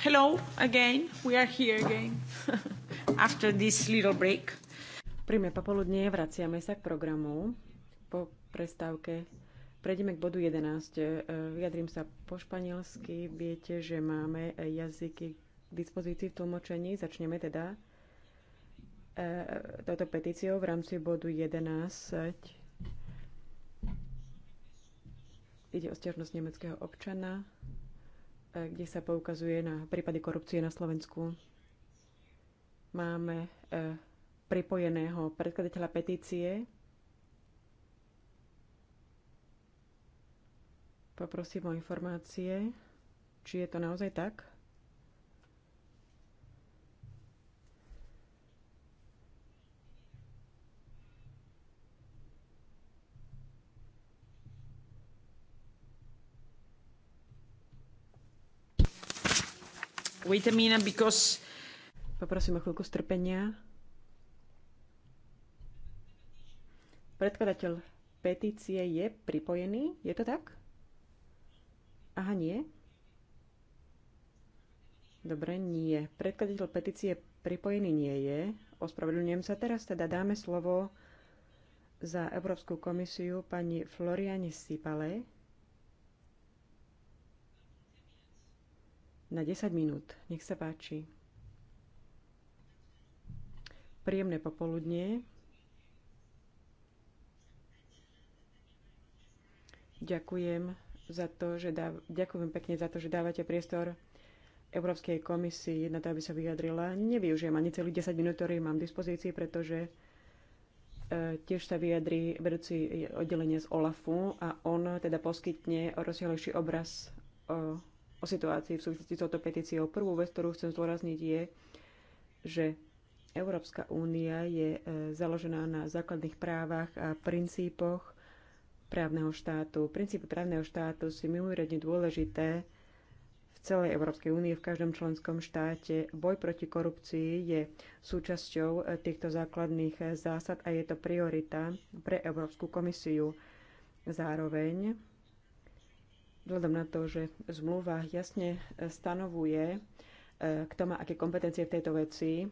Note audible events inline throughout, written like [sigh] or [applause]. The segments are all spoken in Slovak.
Hello again. We are here again. [laughs] After this little break. Príjme popoludne, vraciame sa k programu. Po prestávke prejdeme k bodu 11. E, vyjadrím sa po španielsky. Viete, že máme jazyky k dispozícii v tlmočení. Začneme teda e, touto petíciou v rámci bodu 11. Ide o stiažnosť nemeckého občana E, kde sa poukazuje na prípady korupcie na Slovensku. Máme e, pripojeného predkladateľa petície. Poprosím o informácie, či je to naozaj tak. Wait a minute, because... Poprosím o chvíľku strpenia. Predkladateľ petície je pripojený, je to tak? Aha, nie. Dobre, nie. Predkladateľ petície pripojený nie je. Ospravedlňujem sa teraz, teda dáme slovo za Európsku komisiu pani Floriane Sipale. na 10 minút. Nech sa páči. Príjemné popoludnie. Ďakujem za to, že dáv- ďakujem pekne za to, že dávate priestor Európskej komisii na to, aby sa vyjadrila. Nevyužijem ani celých 10 minút, ktorý mám v dispozícii, pretože e, tiež sa vyjadrí vedúci oddelenie z OLAFu a on teda poskytne rozsiahlejší obraz o o situácii v súvislosti s touto petíciou. Prvú vec, ktorú chcem zdôrazniť, je, že Európska únia je e, založená na základných právach a princípoch právneho štátu. Princípy právneho štátu sú mimoriadne dôležité v celej Európskej únie, v každom členskom štáte. Boj proti korupcii je súčasťou e, týchto základných e, zásad a je to priorita pre Európsku komisiu. Zároveň vzhľadom na to, že zmluva jasne e, stanovuje, e, kto má aké kompetencie v tejto veci,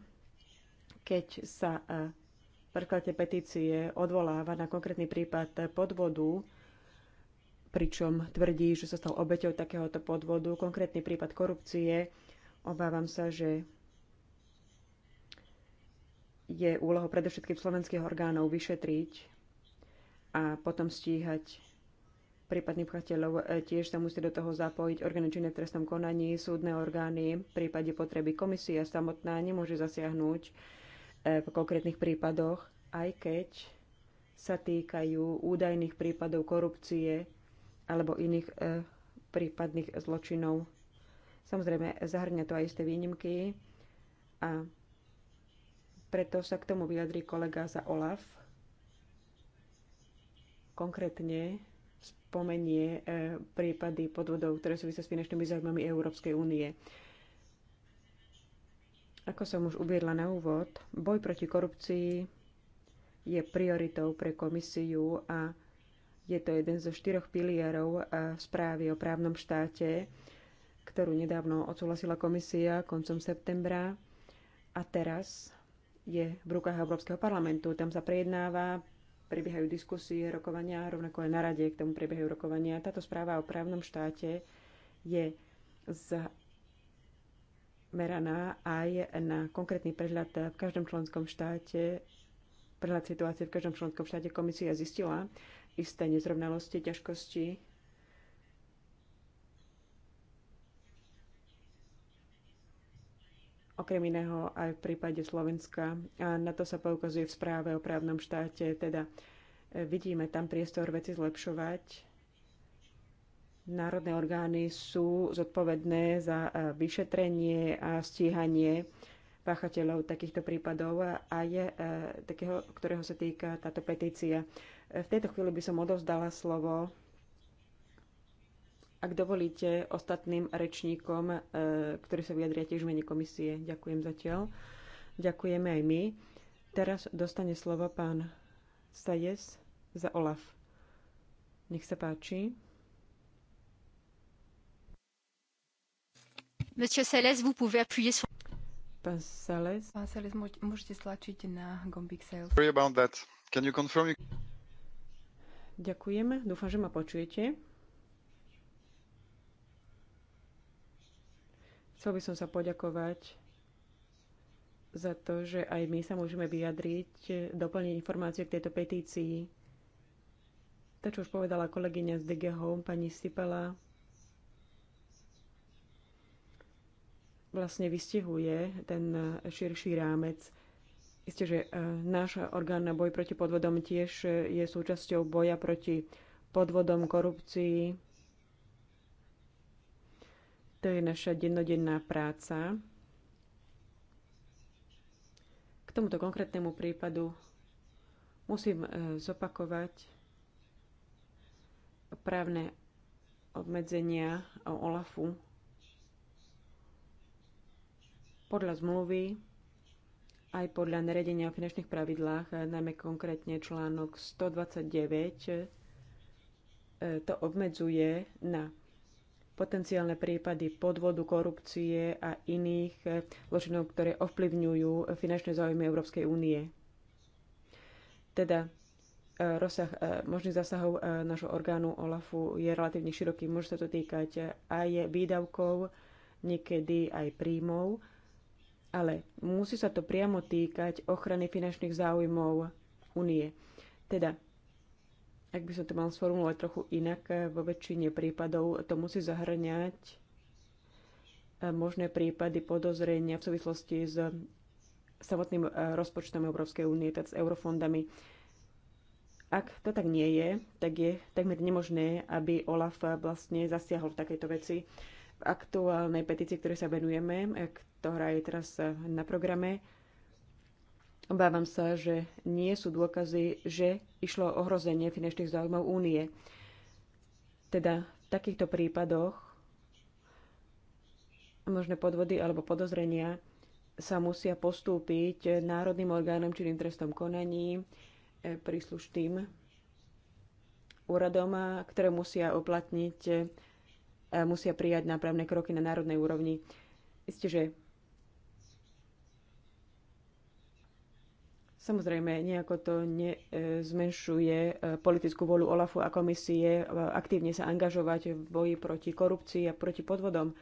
keď sa e, v preklade petície odvoláva na konkrétny prípad podvodu, pričom tvrdí, že sa stal obeťou takéhoto podvodu, konkrétny prípad korupcie, obávam sa, že je úlohou predovšetkým slovenských orgánov vyšetriť a potom stíhať prípadných pachateľov. E, tiež sa musí do toho zapojiť orgány činné v trestnom konaní, súdne orgány. V prípade potreby komisia samotná nemôže zasiahnuť e, v konkrétnych prípadoch, aj keď sa týkajú údajných prípadov korupcie alebo iných e, prípadných zločinov. Samozrejme, zahrňa to aj isté výnimky a preto sa k tomu vyjadrí kolega za OLAF. Konkrétne spomenie e, prípady podvodov, ktoré súvisia s finančnými záujmami Európskej únie. Ako som už uviedla na úvod, boj proti korupcii je prioritou pre komisiu a je to jeden zo štyroch pilierov e, správy o právnom štáte, ktorú nedávno odsúhlasila komisia koncom septembra a teraz je v rukách Európskeho parlamentu. Tam sa prejednáva, prebiehajú diskusie, rokovania, rovnako aj na rade k tomu prebiehajú rokovania. Táto správa o právnom štáte je zameraná aj na konkrétny prehľad v každom členskom štáte, prehľad situácie v každom členskom štáte. Komisia zistila isté nezrovnalosti, ťažkosti okrem iného aj v prípade Slovenska. A na to sa poukazuje v správe o právnom štáte, teda e, vidíme tam priestor veci zlepšovať. Národné orgány sú zodpovedné za e, vyšetrenie a stíhanie páchateľov takýchto prípadov a je e, takého, ktorého sa týka táto petícia. V tejto chvíli by som odovzdala slovo ak dovolíte ostatným rečníkom, e, ktorí sa vyjadria tiež mene komisie, ďakujem zatiaľ. Ďakujeme aj my. Teraz dostane slovo pán Sajes za OLAF. Nech sa páči. Monsieur Sales, vous pouvez appuyer sur... Pán Sales. Pán Sales, môžete stlačiť na gombík Sales. Sorry about that. Can you confirm? You... Ďakujeme. Dúfam, že ma počujete. Chcel by som sa poďakovať za to, že aj my sa môžeme vyjadriť, doplniť informácie k tejto petícii. To, čo už povedala kolegyňa z DG Home, pani Sipela, vlastne vystihuje ten širší rámec. Isté, že e, náš orgán na boj proti podvodom tiež e, je súčasťou boja proti podvodom, korupcii, to je naša dennodenná práca. K tomuto konkrétnemu prípadu musím e, zopakovať právne obmedzenia OLAFu. Podľa zmluvy aj podľa naredenia o finančných pravidlách, e, najmä konkrétne článok 129, e, to obmedzuje na potenciálne prípady podvodu, korupcie a iných eh, zločinov, ktoré ovplyvňujú finančné záujmy Európskej únie. Teda eh, rozsah eh, možných zásahov nášho orgánu OLAFu je relatívne široký. Môže sa to týkať aj výdavkov, niekedy aj príjmov, ale musí sa to priamo týkať ochrany finančných záujmov únie. Teda ak by som to mal sformulovať trochu inak, eh, vo väčšine prípadov to musí zahrňať eh, možné prípady podozrenia v súvislosti s samotným eh, rozpočtom Európskej únie, teda s eurofondami. Ak to tak nie je, tak je takmer nemožné, aby OLAF vlastne zasiahol v takejto veci. V aktuálnej petícii, ktorej sa venujeme, ktorá je teraz na programe, Obávam sa, že nie sú dôkazy, že išlo o ohrozenie finančných záujmov únie. Teda v takýchto prípadoch možné podvody alebo podozrenia sa musia postúpiť národným orgánom či trestom konaní, e, príslušným úradom, ktoré musia uplatniť, e, musia prijať nápravné kroky na národnej úrovni. Isté, že Samozrejme, nejako to nezmenšuje e, politickú volu OLAFu a komisie e, aktívne sa angažovať v boji proti korupcii a proti podvodom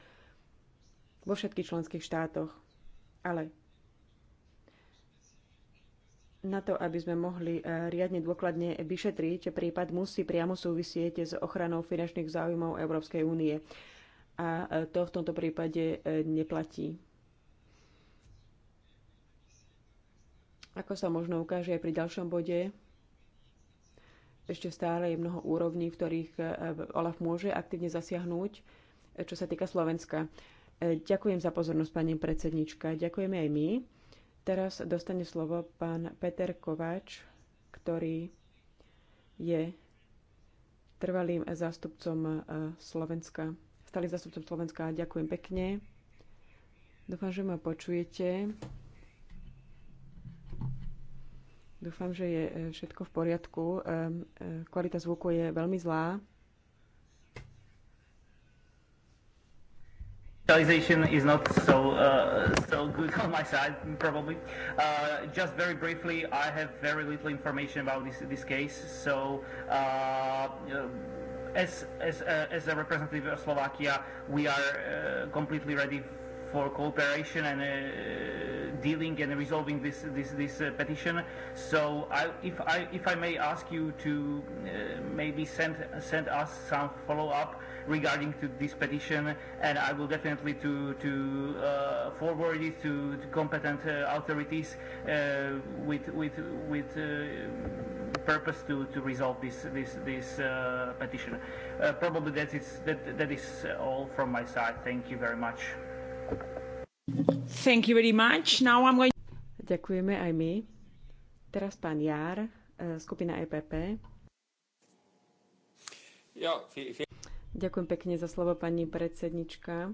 vo všetkých členských štátoch. Ale na to, aby sme mohli e, riadne dôkladne vyšetriť, prípad musí priamo súvisieť s ochranou finančných záujmov Európskej únie. A to v tomto prípade neplatí. Ako sa možno ukáže aj pri ďalšom bode, ešte stále je mnoho úrovní, v ktorých e, OLAF môže aktívne zasiahnuť, e, čo sa týka Slovenska. E, ďakujem za pozornosť, pani predsednička. Ďakujeme aj my. Teraz dostane slovo pán Peter Kovač, ktorý je trvalým zástupcom Slovenska. Stalým zástupcom Slovenska. Ďakujem pekne. Dúfam, že ma počujete. Dúfam, že je eh, všetko v poriadku. Eh, kvalita zvuku je veľmi zlá. Digitalization is not so uh, so good on my side, probably. Uh, just very briefly, I have very little information about this this case. So, uh, as as uh, as a representative of Slovakia, we are uh, completely ready for cooperation and uh, dealing and resolving this this, this uh, petition. So, I, if I if I may ask you to uh, maybe send send us some follow up regarding to this petition, and I will definitely to to uh, forward it to, to competent uh, authorities uh, with with with. Uh, purpose to, to resolve this this this uh, petition. Uh, probably that is that that is all from my side. Thank you very much. Thank you very much. Now I'm going... Ďakujeme aj my. Teraz pán Jár, eh, skupina EPP. Ďakujem pekne za slovo, pani predsednička.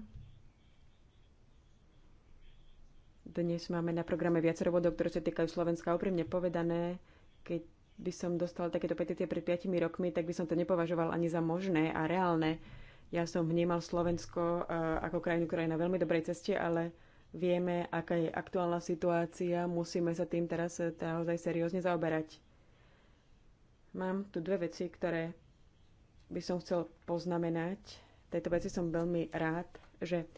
Dnes máme na programe viacero bodov, ktoré sa týkajú Slovenska. Úprimne povedané, keď by som dostal takéto petície pred 5 rokmi, tak by som to nepovažoval ani za možné a reálne. Ja som vnímal Slovensko eh, ako krajinu, ktorá je na veľmi dobrej ceste, ale Vieme, aká je aktuálna situácia, musíme sa tým teraz eh, naozaj seriózne zaoberať. Mám tu dve veci, ktoré by som chcel poznamenať. V Tejto veci som veľmi rád, že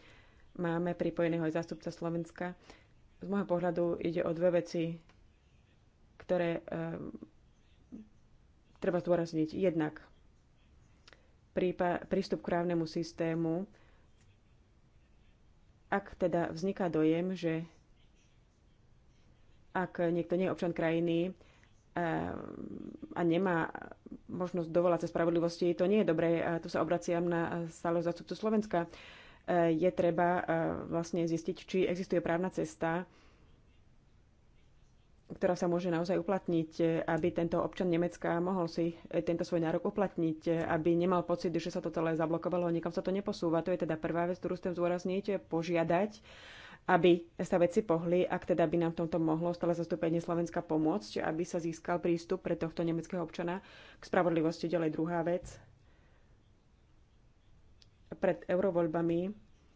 máme pripojeného aj zástupca Slovenska. Z môjho pohľadu ide o dve veci, ktoré um, treba zdôrazniť. Jednak prístup k právnemu systému ak teda vzniká dojem, že ak niekto nie je občan krajiny eh, a nemá možnosť dovolať sa spravodlivosti, to nie je dobré. A tu sa obraciam na stále zástupcu Slovenska. Eh, je treba eh, vlastne zistiť, či existuje právna cesta, ktorá sa môže naozaj uplatniť, aby tento občan Nemecka mohol si tento svoj nárok uplatniť, aby nemal pocit, že sa to celé zablokovalo, nikam sa to neposúva. To je teda prvá vec, ktorú chcem zdôrazniť, požiadať, aby sa veci pohli, ak teda by nám v tomto mohlo stále zastúpenie Slovenska pomôcť, aby sa získal prístup pre tohto nemeckého občana k spravodlivosti. Ďalej druhá vec. Pred eurovoľbami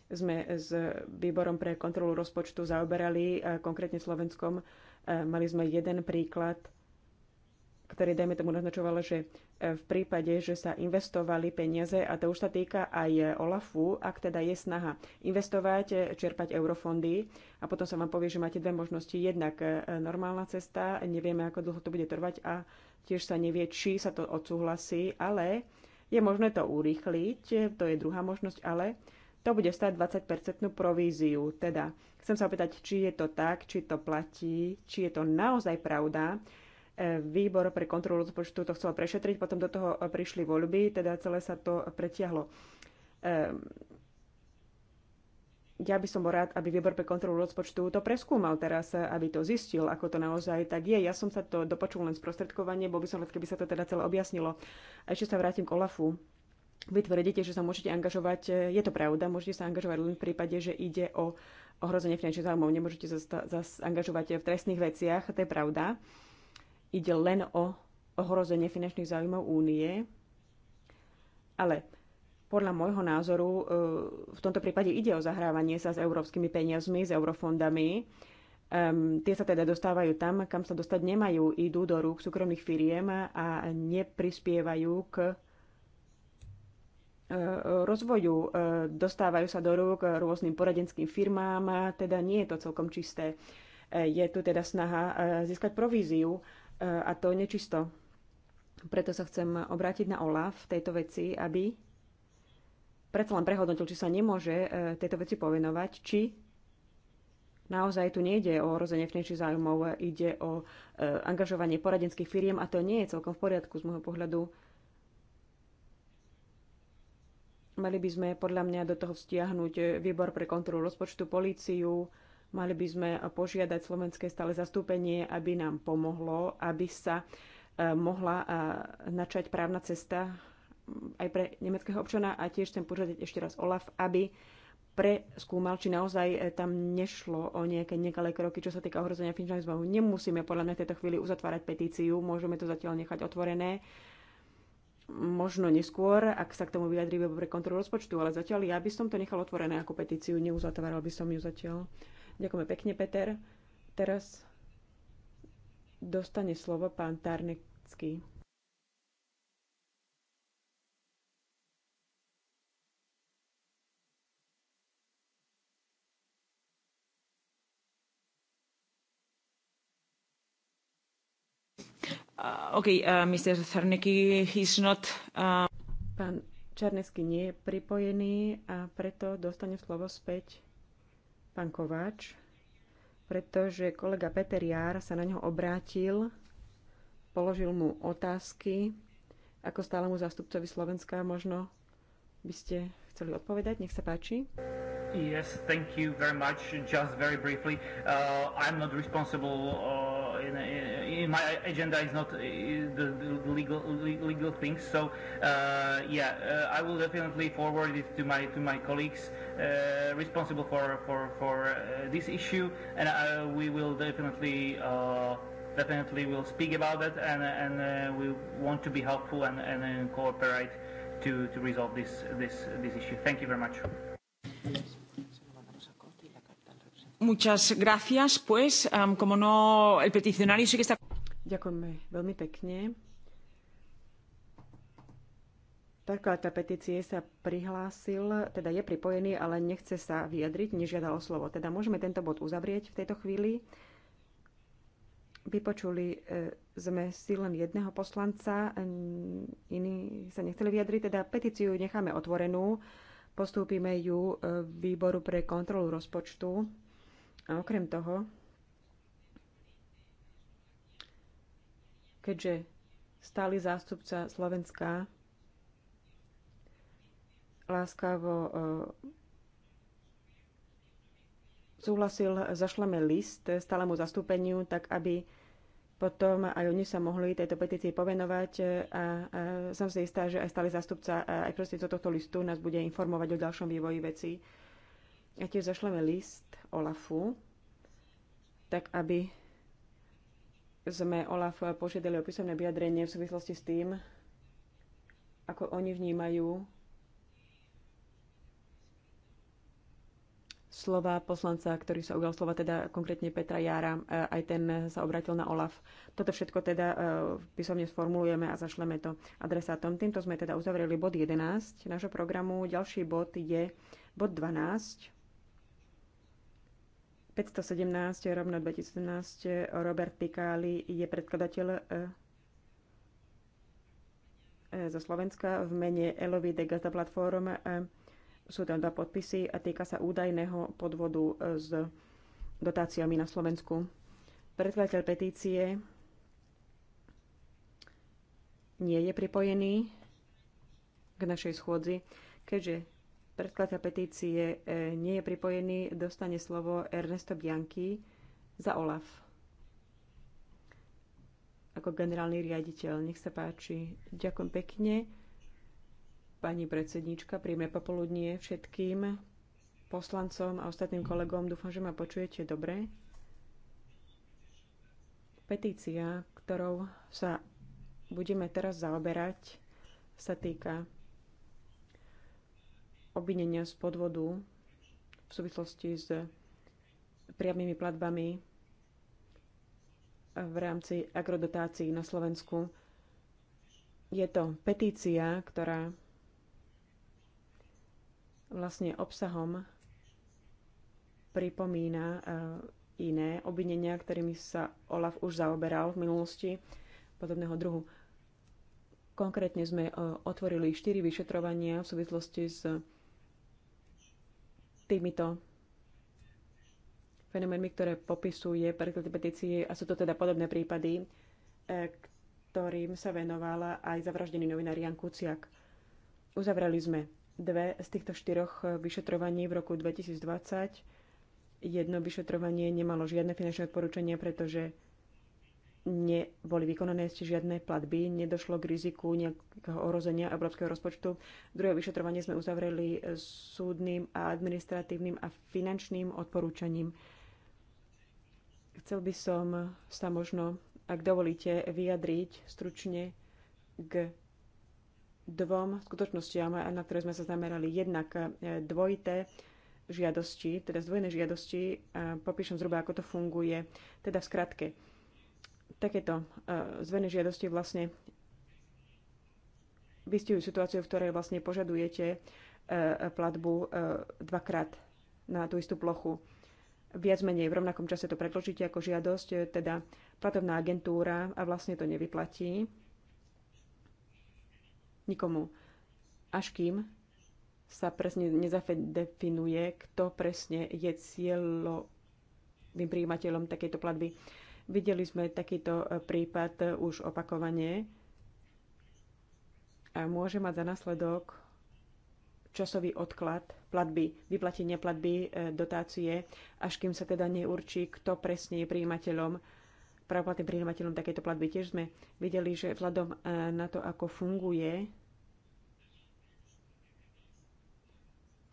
sme s výborom pre kontrolu rozpočtu zaoberali eh, konkrétne Slovenskom E, mali sme jeden príklad, ktorý, dajme tomu, naznačoval, že e, v prípade, že sa investovali peniaze, a to už sa týka aj OLAFu, ak teda je snaha investovať, e, čerpať eurofondy a potom sa vám povie, že máte dve možnosti. Jednak normálna cesta, nevieme, ako dlho to bude trvať a tiež sa nevie, či sa to odsúhlasí, ale je možné to urýchliť, to je druhá možnosť, ale to bude stať 20 províziu. Teda chcem sa opýtať, či je to tak, či to platí, či je to naozaj pravda. E, výbor pre kontrolu rozpočtu to chcel prešetriť, potom do toho prišli voľby, teda celé sa to pretiahlo. E, ja by som bol rád, aby výbor pre kontrolu rozpočtu to preskúmal teraz, aby to zistil, ako to naozaj tak je. Ja som sa to dopočul len sprostredkovanie, bol by som rád, keby sa to teda celé objasnilo. A ešte sa vrátim k Olafu vy tvrdíte, že sa môžete angažovať, e, je to pravda, môžete sa angažovať len v prípade, že ide o ohrozenie finančných záujmov. Nemôžete sa angažovať v trestných veciach, to je pravda. Ide len o ohrozenie finančných záujmov únie. Ale podľa môjho názoru e, v tomto prípade ide o zahrávanie sa s európskymi peniazmi, s eurofondami. Um, tie sa teda dostávajú tam, kam sa dostať nemajú, idú do rúk súkromných firiem a neprispievajú k rozvoju. E, dostávajú sa do rúk rôznym poradenským firmám, teda nie je to celkom čisté. E, je tu teda snaha e, získať províziu a to nečisto. Preto sa chcem obrátiť na OLAF v tejto veci, aby predsa len prehodnotil, či sa nemôže tejto veci povenovať, či naozaj tu nejde o rozenie vnejších záujmov, ide o angažovanie poradenských firiem a to nie je celkom v poriadku z môjho pohľadu Mali by sme podľa mňa do toho vzťahnuť výbor pre kontrolu rozpočtu, políciu, mali by sme požiadať slovenské stále zastúpenie, aby nám pomohlo, aby sa e, mohla e, načať právna cesta aj pre nemeckého občana a tiež chcem požiadať ešte raz Olaf, aby preskúmal, či naozaj e, tam nešlo o nejaké nekalé kroky, čo sa týka ohrozenia finančného zbavu. Nemusíme podľa mňa v tejto chvíli uzatvárať petíciu, môžeme to zatiaľ nechať otvorené možno neskôr, ak sa k tomu vyjadrí pre kontrolu rozpočtu, ale zatiaľ ja by som to nechal otvorené ako petíciu, neuzatváral by som ju zatiaľ. Ďakujeme pekne, Peter. Teraz dostane slovo pán Tarnecký. Uh, okay, uh, Mr. he's not... Uh... Pán Čarnecky nie je pripojený a preto dostane slovo späť pán Kováč, pretože kolega Peter Jár sa na ňo obrátil, položil mu otázky, ako stálemu zastupcovi Slovenska možno by ste chceli odpovedať. Nech sa páči. Yes, thank you very much. Just very briefly, uh, I'm not responsible uh, in, in my agenda is not uh, the, the legal legal things. So uh, yeah, uh, I will definitely forward it to my to my colleagues uh, responsible for for for uh, this issue, and uh, we will definitely. Uh, Definitely, we'll speak about it and and uh, we want to be helpful and and, and uh, cooperate to to resolve this this this issue. Thank you very much. Muchas gracias. Pues, um, como no, el peticionario sí que está. Ďakujeme veľmi pekne. Predkladateľ petície sa prihlásil, teda je pripojený, ale nechce sa vyjadriť, nežiadal o slovo. Teda môžeme tento bod uzavrieť v tejto chvíli. Vypočuli e, sme si len jedného poslanca, e, iní sa nechceli vyjadriť, teda petíciu necháme otvorenú, postúpime ju e, výboru pre kontrolu rozpočtu. A okrem toho, keďže stály zástupca Slovenska láskavo e, súhlasil, zašleme list stálemu zastúpeniu, tak aby potom aj oni sa mohli tejto petícii povenovať e, a, a som si istá, že aj stály zástupca aj do tohto listu nás bude informovať o ďalšom vývoji veci. A tiež zašleme list Olafu, tak aby sme Olaf požiadali o písomné vyjadrenie v súvislosti s tým, ako oni vnímajú slova poslanca, ktorý sa ujal slova, teda konkrétne Petra Jára, e, aj ten sa obratil na OLAF. Toto všetko teda e, písomne sformulujeme a zašleme to adresátom. Týmto sme teda uzavreli bod 11 nášho programu. Ďalší bod je bod 12. 517 rovno 2017 Robert Pikáli je predkladateľ e, e, zo Slovenska v mene Elovi de Gazda Platform. E, sú tam dva podpisy a týka sa údajného podvodu s dotáciami na Slovensku. Predkladateľ petície nie je pripojený k našej schôdzi, keďže predkladateľ petície e, nie je pripojený, dostane slovo Ernesto Bianchi za OLAF ako generálny riaditeľ. Nech sa páči. Ďakujem pekne. Pani predsednička, príjme popoludnie všetkým poslancom a ostatným kolegom. Dúfam, že ma počujete dobre. Petícia, ktorou sa budeme teraz zaoberať, sa týka obvinenia z podvodu v súvislosti s priamými platbami v rámci agrodotácií na Slovensku. Je to petícia, ktorá vlastne obsahom pripomína eh, iné obvinenia, ktorými sa Olaf už zaoberal v minulosti podobného druhu. Konkrétne sme eh, otvorili štyri vyšetrovania v súvislosti s týmito fenoménmi, ktoré popisuje preklad petície a sú to teda podobné prípady, e, ktorým sa venovala aj zavraždený novinár Jan Kuciak. Uzavreli sme dve z týchto štyroch e, vyšetrovaní v roku 2020. Jedno vyšetrovanie nemalo žiadne finančné odporúčanie, pretože neboli vykonané ešte žiadne platby, nedošlo k riziku nejakého ohrozenia európskeho rozpočtu. Druhé vyšetrovanie sme uzavreli súdnym a administratívnym a finančným odporúčaním. Chcel by som sa možno, ak dovolíte, vyjadriť stručne k dvom skutočnostiam, na ktoré sme sa zamerali. Jednak eh, dvojité žiadosti, teda zdvojené žiadosti, eh, popíšem zhruba, ako to funguje, teda v skratke takéto e, zvené žiadosti vlastne vystihujú situáciu, v ktorej vlastne požadujete e, platbu e, dvakrát na tú istú plochu. Viac menej v rovnakom čase to predložíte ako žiadosť, teda platovná agentúra a vlastne to nevyplatí nikomu. Až kým sa presne nezadefinuje, kto presne je cieľovým príjimateľom takejto platby. Videli sme takýto e, prípad e, už opakovane a môže mať za následok časový odklad platby, vyplatenie platby, e, dotácie, až kým sa teda neurčí, kto presne je príjimateľom, pravoplatným príjimateľom takéto platby. Tiež sme videli, že vzhľadom na to, ako funguje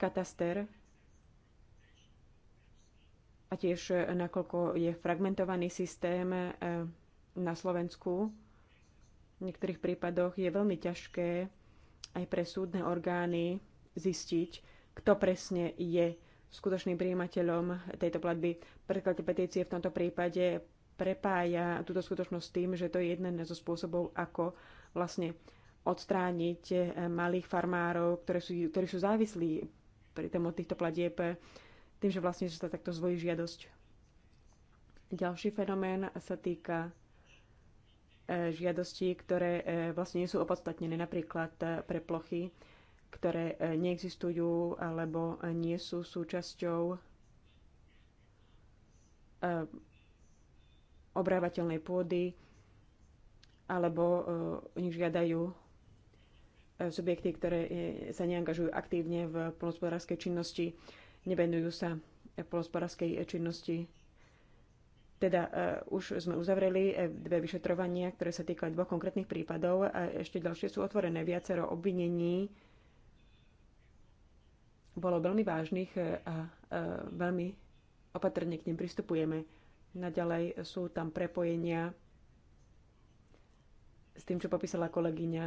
kataster, a tiež e, nakoľko je fragmentovaný systém e, na Slovensku. V niektorých prípadoch je veľmi ťažké aj pre súdne orgány zistiť, kto presne je skutočným príjimateľom tejto platby. Preklad petície v tomto prípade prepája túto skutočnosť tým, že to je jeden zo spôsobov, ako vlastne odstrániť e, malých farmárov, ktoré sú, ktorí sú závislí pri tom od týchto platieb tým, že vlastne sa takto zvojí žiadosť. Ďalší fenomén sa týka e, žiadostí, ktoré e, vlastne nie sú opodstatnené, napríklad e, pre plochy, ktoré neexistujú alebo nie sú súčasťou obrávateľnej pôdy, alebo o nich žiadajú subjekty, ktoré sa neangažujú aktívne v polnospodárskej činnosti nevenujú sa polospodárskej činnosti. Teda uh, už sme uzavreli e, dve vyšetrovania, ktoré sa týkajú dvoch konkrétnych prípadov a ešte ďalšie sú otvorené. Viacero obvinení bolo veľmi vážnych e, a veľmi opatrne k nim pristupujeme. Naďalej sú tam prepojenia s tým, čo popísala kolegyňa,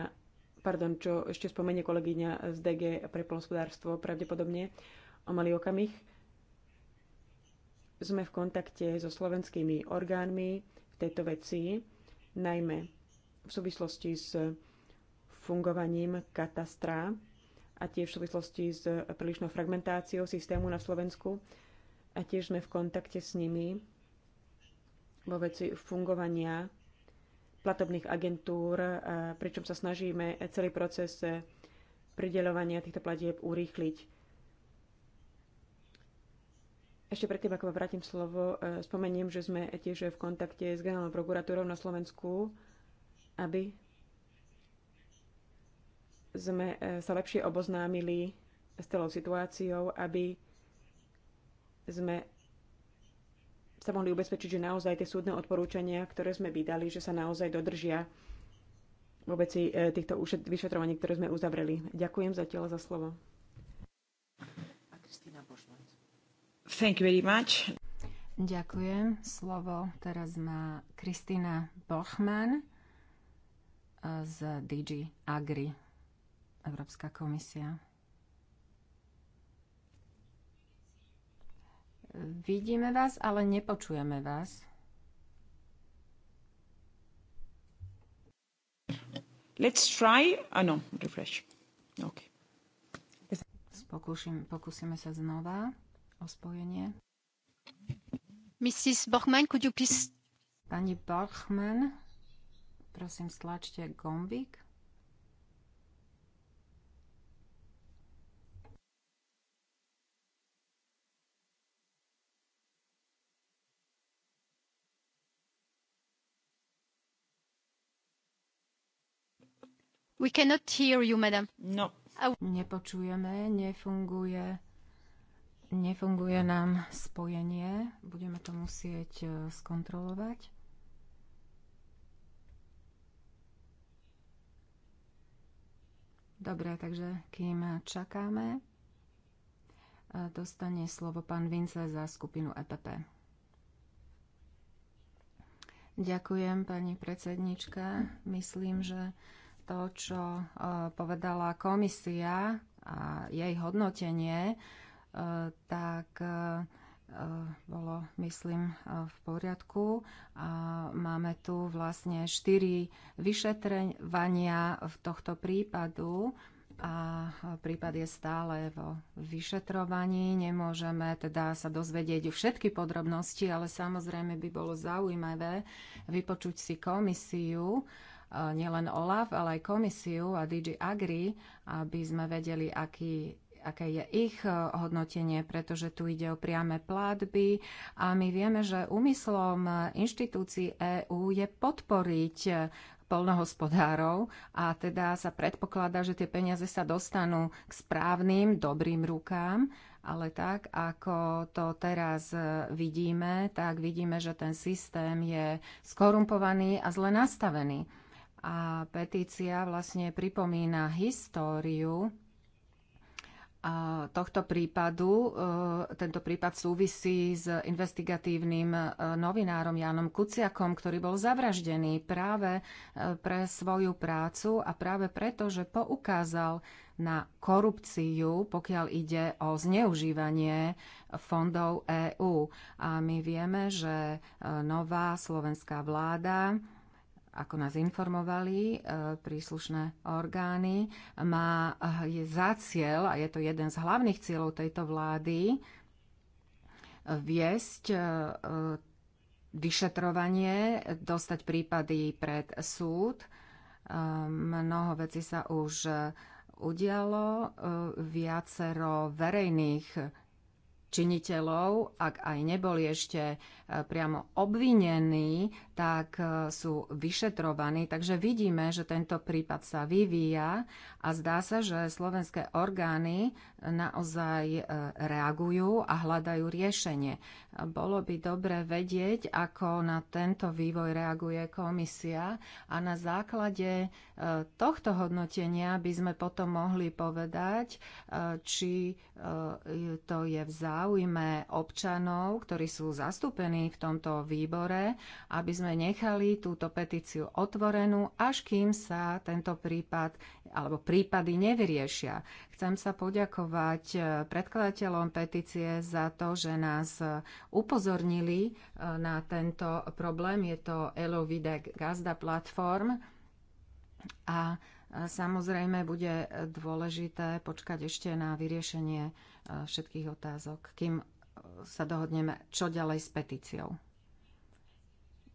pardon, čo ešte spomenie kolegyňa z DG pre polospodárstvo pravdepodobne. Uh, o malý okamih. Sme v kontakte so slovenskými orgánmi v tejto veci, najmä v súvislosti s fungovaním katastra a tiež v súvislosti s prílišnou fragmentáciou systému na Slovensku. A tiež sme v kontakte s nimi vo veci fungovania platobných agentúr, pričom sa snažíme celý proces prideľovania týchto platieb urýchliť. Ešte predtým, ako vám vrátim slovo, e, spomeniem, že sme tiež v kontakte s generálnou prokuratúrou na Slovensku, aby sme e, sa lepšie oboznámili s celou situáciou, aby sme sa mohli ubezpečiť, že naozaj tie súdne odporúčania, ktoré sme vydali, že sa naozaj dodržia vo veci e, týchto vyšetrovaní, ktoré sme uzavreli. Ďakujem zatiaľ za slovo. Thank you very much. Ďakujem. Slovo teraz má Kristýna Bochman eh, z DG Agri, Európska komisia. Vidíme vás, ale nepočujeme vás. Let's try... Ah, no, refresh. Okay. Pokúšim, pokúsime sa znova o spojenie. Mrs. Borgman, could you please... Pani Borgman, prosím, stlačte gombík. We cannot hear you, madam. No. Nepočujeme, nefunguje Nefunguje nám spojenie, budeme to musieť e, skontrolovať. Dobre, takže kým čakáme, e, dostane slovo pán Vince za skupinu EPP. Ďakujem, pani predsednička. Myslím, že to, čo e, povedala komisia a jej hodnotenie, tak eh, eh, bolo, myslím, eh, v poriadku. A máme tu vlastne štyri vyšetrovania v tohto prípadu a prípad je stále vo vyšetrovaní. Nemôžeme teda sa dozvedieť všetky podrobnosti, ale samozrejme by bolo zaujímavé vypočuť si komisiu, nielen OLAF, ale aj komisiu a DG Agri, aby sme vedeli, aký aké je ich eh, hodnotenie, pretože tu ide o priame platby a my vieme, že úmyslom eh, inštitúcií EÚ je podporiť eh, polnohospodárov a teda sa predpokladá, že tie peniaze sa dostanú k správnym, dobrým rukám, ale tak, ako to teraz vidíme, tak vidíme, že ten systém je skorumpovaný a zle nastavený. A petícia vlastne pripomína históriu tohto prípadu. E, tento prípad súvisí s investigatívnym e, novinárom Jánom Kuciakom, ktorý bol zavraždený práve e, pre svoju prácu a práve preto, že poukázal na korupciu, pokiaľ ide o zneužívanie fondov EÚ. A my vieme, že nová slovenská vláda ako nás informovali e, príslušné orgány, má, e, je za cieľ, a je to jeden z hlavných cieľov tejto vlády, e, viesť vyšetrovanie, dostať prípady pred súd. Mnoho vecí sa už udialo, viacero verejných činiteľov, ak aj neboli ešte priamo obvinení, tak e, sú vyšetrovaní. Takže vidíme, že tento prípad sa vyvíja a zdá sa, že slovenské orgány naozaj e, reagujú a hľadajú riešenie. Bolo by dobre vedieť, ako na tento vývoj reaguje komisia a na základe e, tohto hodnotenia by sme potom mohli povedať, či to je v záujme občanov, ktorí sú zastúpení kolegami v tomto výbore, aby sme nechali túto petíciu otvorenú, až kým sa tento prípad alebo prípady nevyriešia. Chcem sa poďakovať eh, predkladateľom petície za to, že nás eh, upozornili eh, na tento problém. Je to Elovide Gazda Platform a Samozrejme, bude dôležité počkať ešte na vyriešenie všetkých otázok, kým sa dohodneme, čo ďalej s petíciou.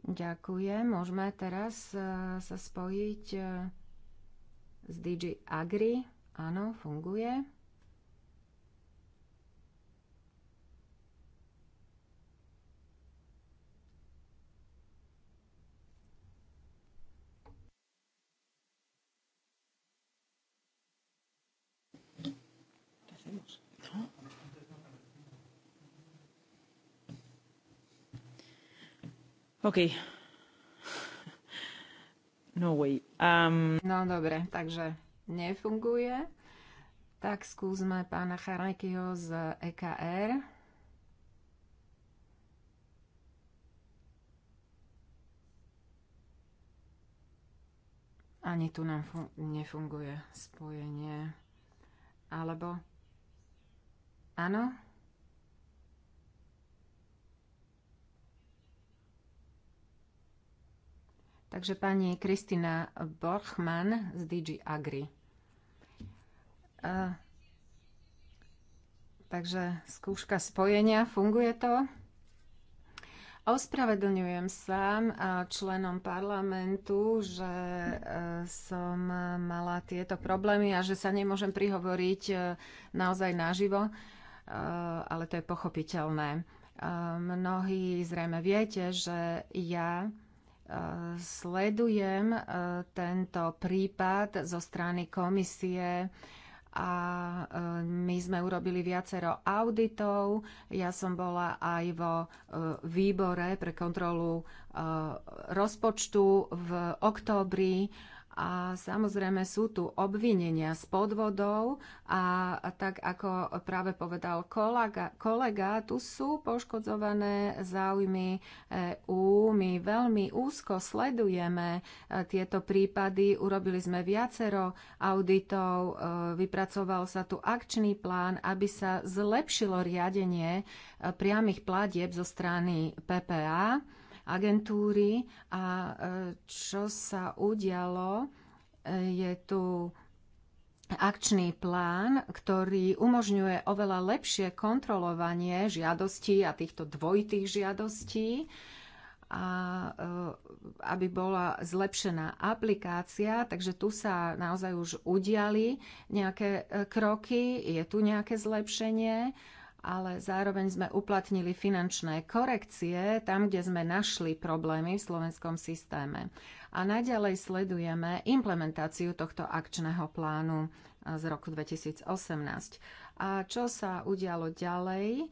Ďakujem. Môžeme teraz e, sa spojiť e, s DG Agri. Áno, funguje. Okay. [laughs] No way. Um... No dobre, takže nefunguje. Tak skúsme pána Charajkyho z EKR. Ani tu nám nefunguje spojenie. Alebo... Áno? Takže pani Kristina Borchman z DG Agri. A, takže skúška spojenia, funguje to? Ospravedlňujem sa členom parlamentu, že som mala tieto problémy a že sa nemôžem prihovoriť naozaj naživo, ale to je pochopiteľné. Mnohí zrejme viete, že ja sledujem e, tento prípad zo strany komisie a e, my sme urobili viacero auditov. Ja som bola aj vo e, výbore pre kontrolu rozpočtu v októbri a samozrejme sú tu obvinenia z podvodov a, tak ako práve povedal kolega, kolega, tu sú poškodzované záujmy EU. My veľmi úzko sledujeme e, tieto prípady. Urobili sme viacero auditov, e, vypracoval sa tu akčný plán, aby sa zlepšilo riadenie e, priamých platieb zo strany PPA agentúry a e, čo sa udialo, e, je tu akčný plán, ktorý umožňuje oveľa lepšie kontrolovanie žiadostí a týchto dvojitých žiadostí a e, aby bola zlepšená aplikácia. Takže tu sa naozaj už udiali nejaké kroky, je tu nejaké zlepšenie ale zároveň sme uplatnili finančné korekcie tam, kde sme našli problémy v slovenskom systéme. A naďalej sledujeme implementáciu tohto akčného plánu eh, z roku 2018. A čo sa udialo ďalej? Eh,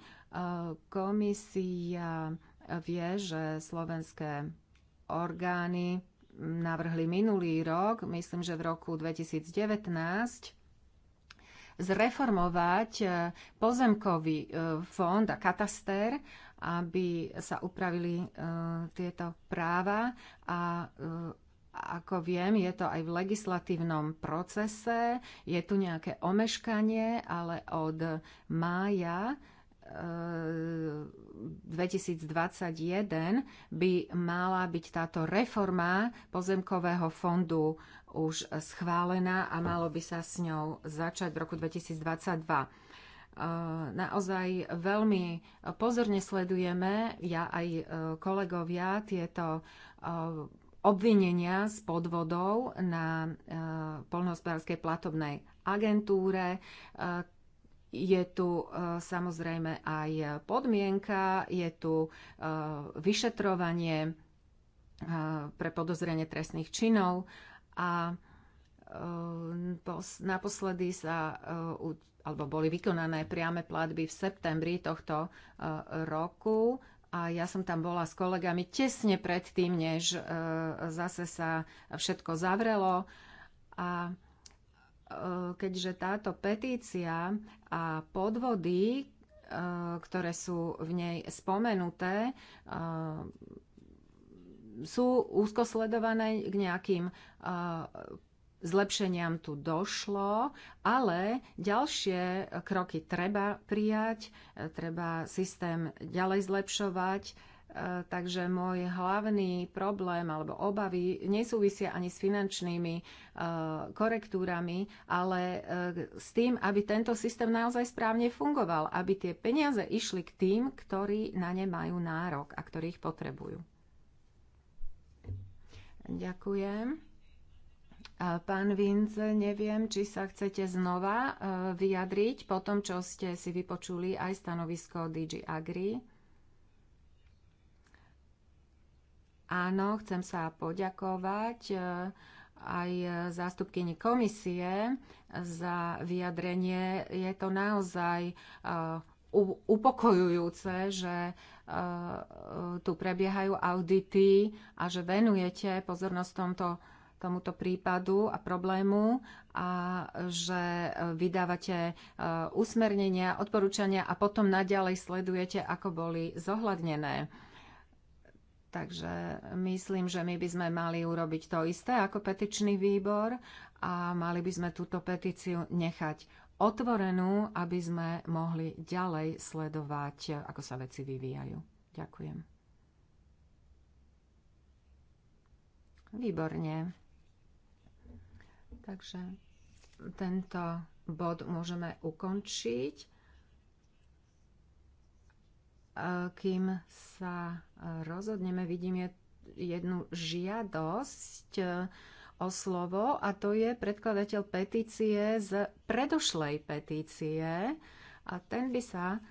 komisia vie, že slovenské orgány navrhli minulý rok, myslím, že v roku 2019, zreformovať e, pozemkový e, fond a kataster, aby sa upravili e, tieto práva a ako viem, je to aj v legislatívnom procese, je tu nejaké omeškanie, ale od mája 2021 by mala byť táto reforma pozemkového fondu už schválená a malo by sa s ňou začať v roku 2022 e, naozaj veľmi pozorne sledujeme, ja aj e, kolegovia, tieto e, obvinenia z podvodov na polnohospodárskej platobnej agentúre. Je tu samozrejme aj podmienka, je tu vyšetrovanie pre podozrenie trestných činov a e, naposledy sa e, alebo boli vykonané priame platby v septembri tohto e, roku a ja som tam bola s kolegami tesne predtým, než zase sa všetko zavrelo a keďže táto petícia a podvody, ktoré sú v nej spomenuté, sú úzko sledované k nejakým zlepšeniam tu došlo, ale ďalšie kroky treba prijať, treba systém ďalej zlepšovať. Takže môj hlavný problém alebo obavy nesúvisia ani s finančnými korektúrami, ale e, s tým, aby tento systém naozaj správne fungoval, aby tie peniaze išli k tým, ktorí na ne majú nárok a ktorých potrebujú. Ďakujem. Pán Vince, neviem, či sa chcete znova e, vyjadriť po tom, čo ste si vypočuli aj stanovisko DG Agri. Áno, chcem sa poďakovať e, aj zástupkyni komisie za vyjadrenie. Je to naozaj e, upokojujúce, že e, tu prebiehajú audity a že venujete pozornosť tomto, tomuto prípadu a problému a že e, vydávate e, usmernenia, odporúčania a potom naďalej sledujete, ako boli zohľadnené. Takže myslím, že my by sme mali urobiť to isté ako petičný výbor a mali by sme túto petíciu nechať otvorenú, aby sme mohli ďalej sledovať, ako sa veci vyvíjajú. Ďakujem. Výborne. Takže tento bod môžeme ukončiť. E, kým sa rozhodneme, vidím jednu žiadosť o slovo a to je predkladateľ petície z predošlej petície a ten by sa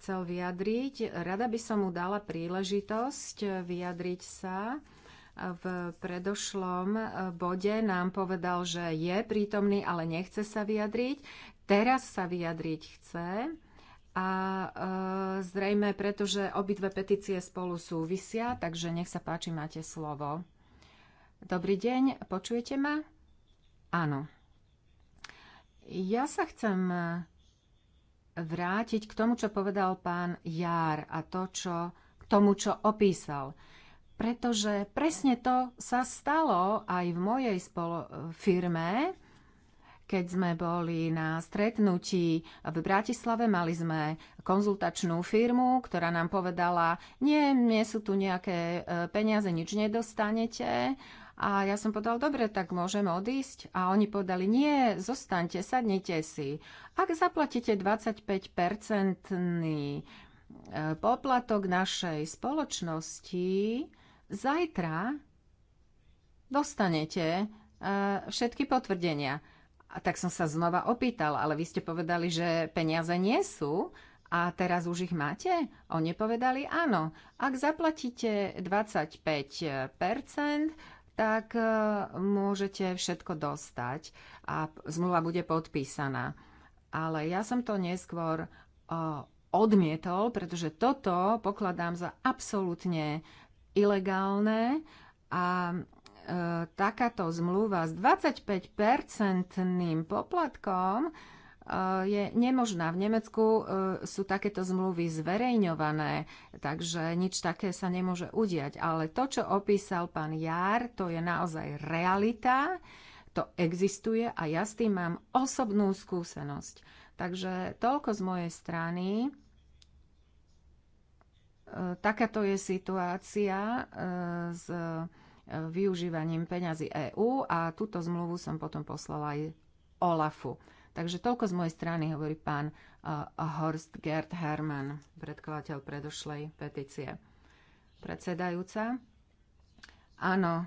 chcel vyjadriť. Rada by som mu dala príležitosť vyjadriť sa. V predošlom e, bode nám povedal, že je prítomný, ale nechce sa vyjadriť. Teraz sa vyjadriť chce. A e, zrejme, pretože obidve petície spolu súvisia, takže nech sa páči, máte slovo. Dobrý deň, počujete ma? Áno. Ja sa chcem e, vrátiť k tomu, čo povedal pán Jár a to, čo, k tomu, čo opísal. Pretože presne to sa stalo aj v mojej spolo- firme, keď sme boli na stretnutí v Bratislave, mali sme konzultačnú firmu, ktorá nám povedala, nie, nie sú tu nejaké e, peniaze, nič nedostanete. A ja som povedal, dobre, tak môžem odísť. A oni povedali, nie, zostaňte, sadnite si. Ak zaplatíte 25-percentný e, poplatok našej spoločnosti, zajtra dostanete e, všetky potvrdenia. A tak som sa znova opýtal, ale vy ste povedali, že peniaze nie sú. A teraz už ich máte? Oni povedali áno. Ak zaplatíte 25 tak e, môžete všetko dostať a zmluva bude podpísaná. Ale ja som to neskôr e, odmietol, pretože toto pokladám za absolútne ilegálne a e, takáto zmluva s 25-percentným poplatkom je nemožná. V Nemecku e, sú takéto zmluvy zverejňované, takže nič také sa nemôže udiať. Ale to, čo opísal pán Jár, to je naozaj realita, to existuje a ja s tým mám osobnú skúsenosť. Takže toľko z mojej strany. E, takáto je situácia e, s využívaním peňazí EÚ a túto zmluvu som potom poslala aj OLAFu. Takže toľko z mojej strany, hovorí pán Horst Gerd Hermann, predkladateľ predošlej petície. Predsedajúca, áno, e,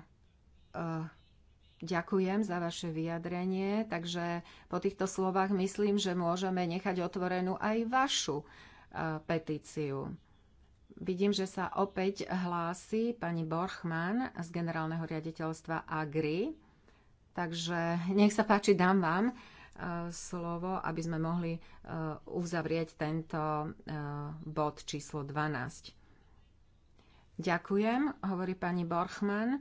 ďakujem za vaše vyjadrenie, takže po týchto slovách myslím, že môžeme nechať otvorenú aj vašu e, petíciu. Vidím, že sa opäť hlási pani Borchman z generálneho riaditeľstva Agri. Takže nech sa páči, dám vám slovo, aby sme mohli e, uzavrieť tento e, bod číslo 12. Ďakujem, hovorí pani Borchman. E,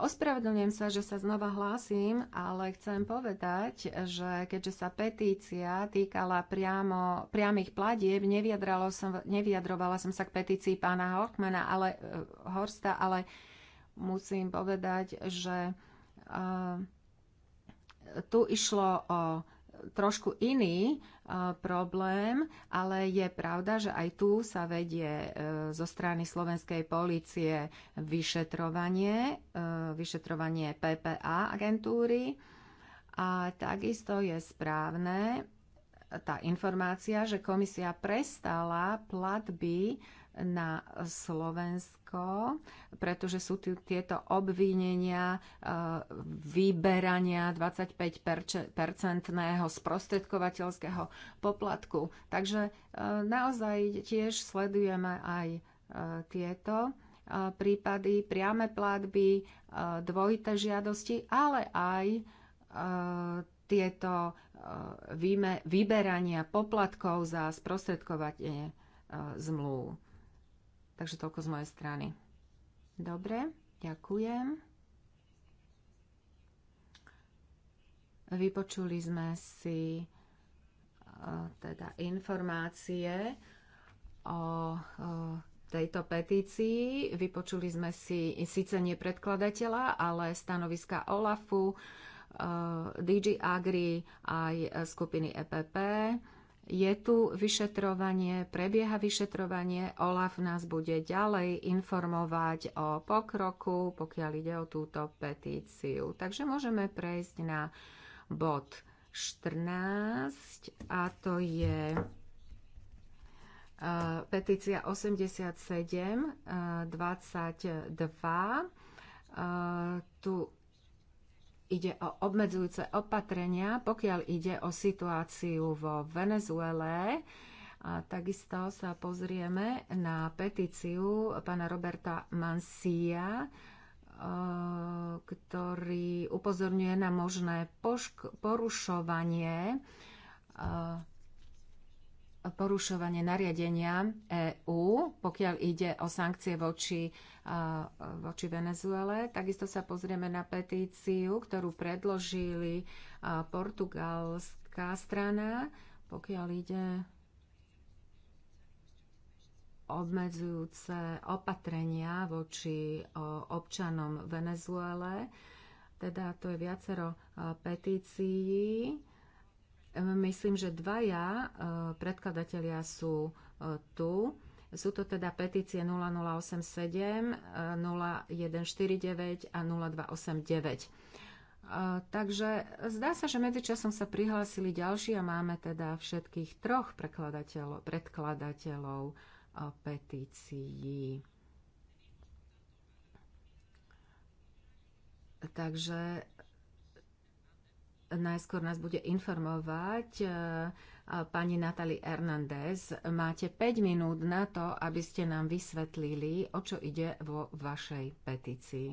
ospravedlňujem sa, že sa znova hlásim, ale chcem povedať, že keďže sa petícia týkala priamo, priamých platieb, som, nevyjadrovala som sa k petícii pána Horkmana, ale, Horsta, ale musím povedať, že uh, tu išlo o trošku iný e, problém, ale je pravda, že aj tu sa vedie e, zo strany slovenskej policie vyšetrovanie, e, vyšetrovanie PPA agentúry a takisto je správne tá informácia, že komisia prestala platby na Slovensko, pretože sú tu tieto obvinenia e, vyberania 25-percentného sprostredkovateľského poplatku. Takže e, naozaj tiež sledujeme aj e, tieto prípady, priame platby, dvojité žiadosti, ale aj tieto vyberania poplatkov za sprostredkovanie zmluv. Takže toľko z mojej strany. Dobre, ďakujem. Vypočuli sme si e, teda informácie o e, tejto petícii. Vypočuli sme si síce nie predkladateľa, ale stanoviska OLAFu, e, DG Agri aj skupiny EPP. Je tu vyšetrovanie, prebieha vyšetrovanie, OLAF nás bude ďalej informovať o pokroku, pokiaľ ide o túto petíciu. Takže môžeme prejsť na bod 14 a to je e, petícia 87 22. E, e, tu ide o obmedzujúce opatrenia, pokiaľ ide o situáciu vo Venezuele. A takisto sa pozrieme na petíciu pána Roberta Mancia, e, ktorý upozorňuje na možné porušovanie e, porušovanie nariadenia EÚ, pokiaľ ide o sankcie voči, voči Venezuele. Takisto sa pozrieme na petíciu, ktorú predložili portugalská strana, pokiaľ ide obmedzujúce opatrenia voči občanom Venezuele. Teda to je viacero petícií Myslím, že dvaja e, predkladatelia sú e, tu. Sú to teda petície 0087, 0149 e, a 0289. Takže zdá sa, že medzičasom sa prihlásili ďalší a máme teda všetkých troch predkladateľov, predkladateľov petícií. Takže najskôr nás bude informovať e, pani Natali Hernández. Máte 5 minút na to, aby ste nám vysvetlili, o čo ide vo vašej petícii.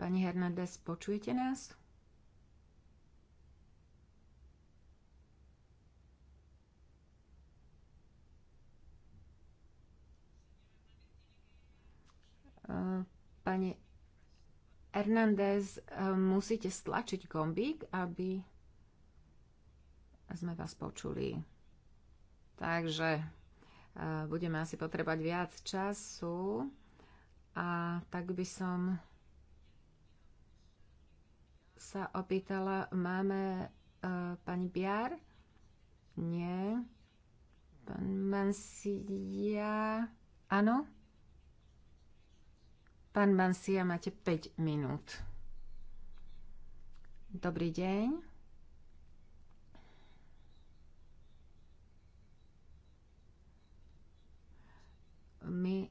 Pani Hernández, počujete nás? Pane Hernández, musíte stlačiť gombík, aby sme vás počuli. Takže eh, budeme asi potrebať viac času a tak by som sa opýtala, máme uh, pani Biar? Nie. Pán Áno? Áno? Pán Bansia, máte 5 minút. Dobrý deň. My e,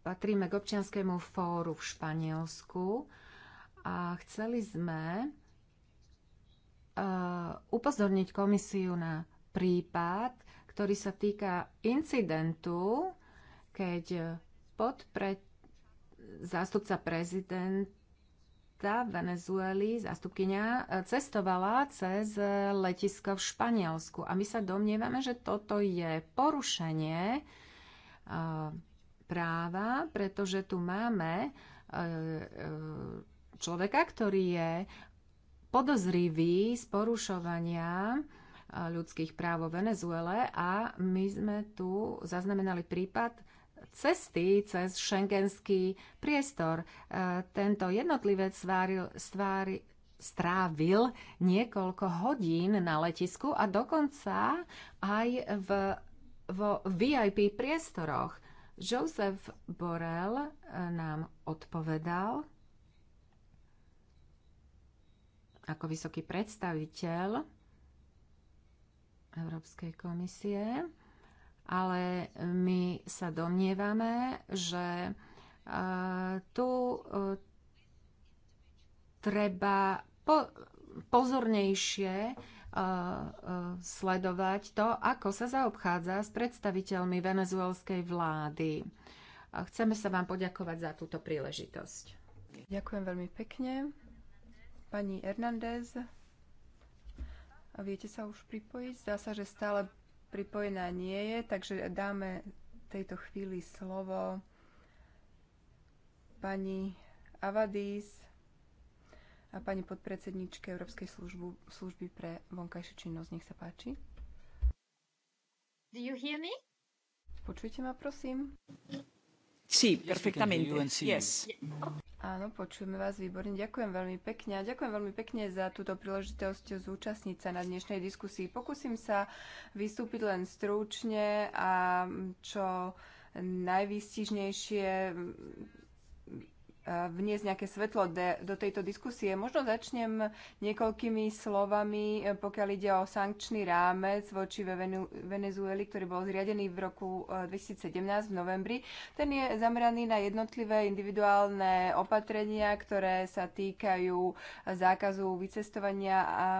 patríme k občianskému fóru v Španielsku a chceli sme e, upozorniť komisiu na prípad, ktorý sa týka incidentu, keď podpre, zástupca prezidenta Venezuely, zástupkynia, e, cestovala cez letisko v Španielsku. A my sa domnievame, že toto je porušenie e, práva, pretože tu máme e, človeka, ktorý je podozrivý z porušovania ľudských práv vo Venezuele a my sme tu zaznamenali prípad cesty cez šengenský priestor. E, tento jednotlivec stváril, stváril, strávil niekoľko hodín na letisku a dokonca aj v, vo VIP priestoroch. Joseph Borel e, nám odpovedal ako vysoký predstaviteľ Európskej komisie ale my sa domnievame, že tu e, treba po, pozornejšie e, e, sledovať to, ako sa zaobchádza s predstaviteľmi venezuelskej vlády. Chceme sa vám poďakovať za túto príležitosť. Ďakujem veľmi pekne. Pani Hernández, viete sa už pripojiť? Zdá sa, že stále pripojená nie je, takže dáme tejto chvíli slovo pani Avadis a pani podpredsedničke Európskej službu, služby pre vonkajšiu činnosť. Nech sa páči. Do you hear me? Počujte ma, prosím? Sí, perfectamente. Yes. yes. Áno, počujeme vás výborne. Ďakujem veľmi pekne a ďakujem veľmi pekne za túto príležitosť zúčastniť sa na dnešnej diskusii. Pokúsim sa vystúpiť len stručne a čo najvýstižnejšie vniesť nejaké svetlo do tejto diskusie. Možno začnem niekoľkými slovami, e, pokiaľ ide o sankčný rámec voči Venezueli, ktorý bol zriadený v roku 2017 e, v novembri. Ten je zameraný na jednotlivé individuálne opatrenia, ktoré sa týkajú zákazu vycestovania a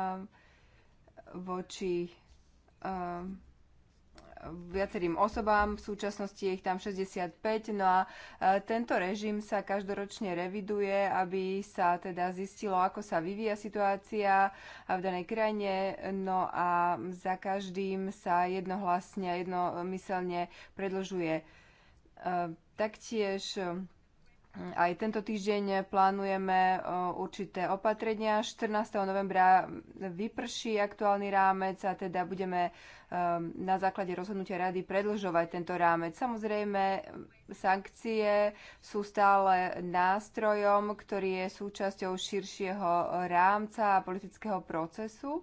voči e, viacerým osobám, v súčasnosti je ich tam 65, no a e, tento režim sa každoročne reviduje, aby sa teda zistilo, ako sa vyvíja situácia v danej krajine, no a za každým sa jednohlasne a jednomyselne predlžuje. E, taktiež aj tento týždeň plánujeme e, určité opatrenia. 14. novembra vyprší aktuálny rámec a teda budeme e, na základe rozhodnutia rady predlžovať tento rámec. Samozrejme, sankcie sú stále nástrojom, ktorý je súčasťou širšieho rámca a politického procesu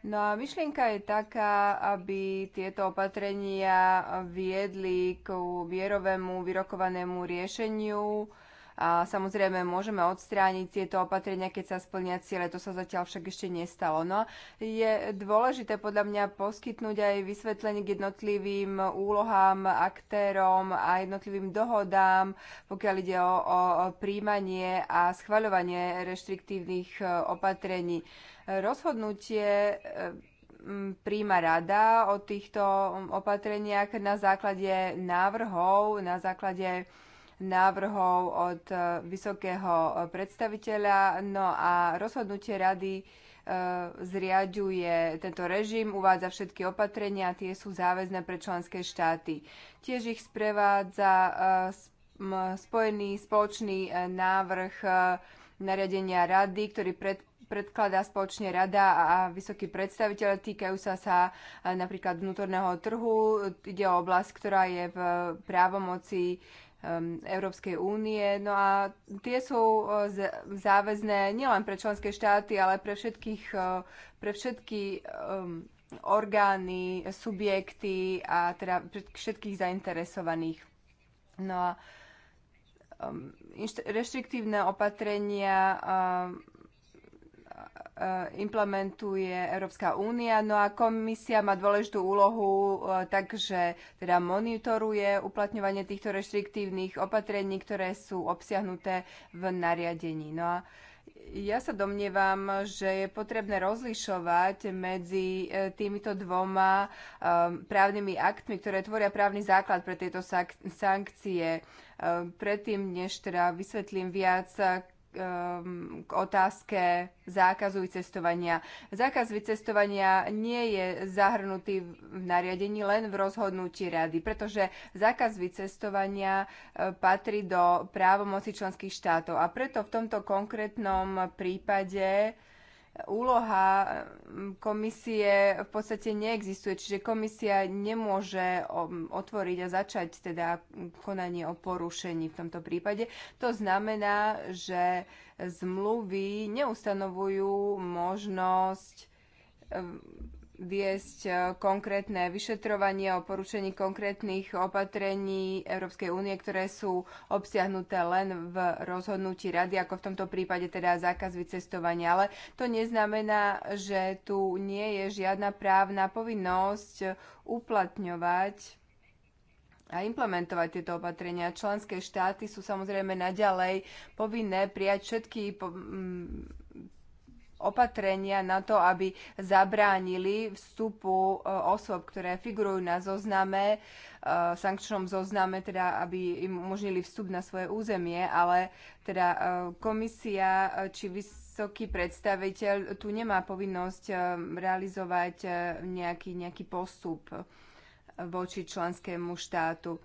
No a myšlienka je taká, aby tieto opatrenia viedli k vierovému vyrokovanému riešeniu. A samozrejme, môžeme odstrániť tieto opatrenia, keď sa splnia ciele. To sa zatiaľ však ešte nestalo. No, je dôležité podľa mňa poskytnúť aj vysvetlenie k jednotlivým úlohám, aktérom a jednotlivým dohodám, pokiaľ ide o, o príjmanie a schvaľovanie reštriktívnych e, opatrení. Rozhodnutie príjma rada o týchto opatreniach na základe návrhov, na základe návrhov od e, vysokého e, predstaviteľa. No a rozhodnutie rady e, zriaďuje tento režim, uvádza všetky opatrenia, tie sú záväzné pre členské štáty. Tiež ich sprevádza spojený spoločný návrh nariadenia rady, ktorý pred, predkladá spoločne rada a vysoký predstaviteľ. Týkajú sa sa e, napríklad vnútorného trhu. Ide o oblasť, ktorá je v právomoci Európskej únie. No a tie sú e, záväzné nielen pre členské štáty, ale pre, všetkých, e, pre všetky orgány, subjekty a teda všetkých zainteresovaných. No a reštriktívne opatrenia Eh, implementuje Európska únia. No a komisia má dôležitú úlohu, eh, takže teda monitoruje uplatňovanie týchto reštriktívnych opatrení, ktoré sú obsiahnuté v nariadení. No a ja sa domnievam, že je potrebné rozlišovať medzi eh, týmito dvoma právnymi aktmi, ktoré tvoria právny základ pre tieto sankcie. Predtým, než teda vysvetlím viac, Um, k otázke zákazu vycestovania. Zákaz vycestovania nie je zahrnutý v nariadení len v rozhodnutí rady, pretože zákaz vycestovania uh, patrí do právomoci členských štátov. A preto v tomto konkrétnom prípade úloha komisie v podstate neexistuje, čiže komisia nemôže otvoriť a začať teda konanie o porušení v tomto prípade. To znamená, že zmluvy neustanovujú možnosť viesť e, konkrétne vyšetrovanie o porušení konkrétnych opatrení Európskej únie, ktoré sú obsiahnuté len v rozhodnutí rady, ako v tomto prípade teda zákaz vycestovania. Ale to neznamená, že tu nie je žiadna právna povinnosť uplatňovať a implementovať tieto opatrenia. Členské štáty sú samozrejme naďalej povinné prijať všetky opatrenia na to, aby zabránili vstupu e, osôb, ktoré figurujú na zozname, e, sankčnom zozname, teda aby im umožnili vstup na svoje územie, ale teda e, komisia či vysoký predstaviteľ tu nemá povinnosť realizovať nejaký, nejaký postup voči členskému štátu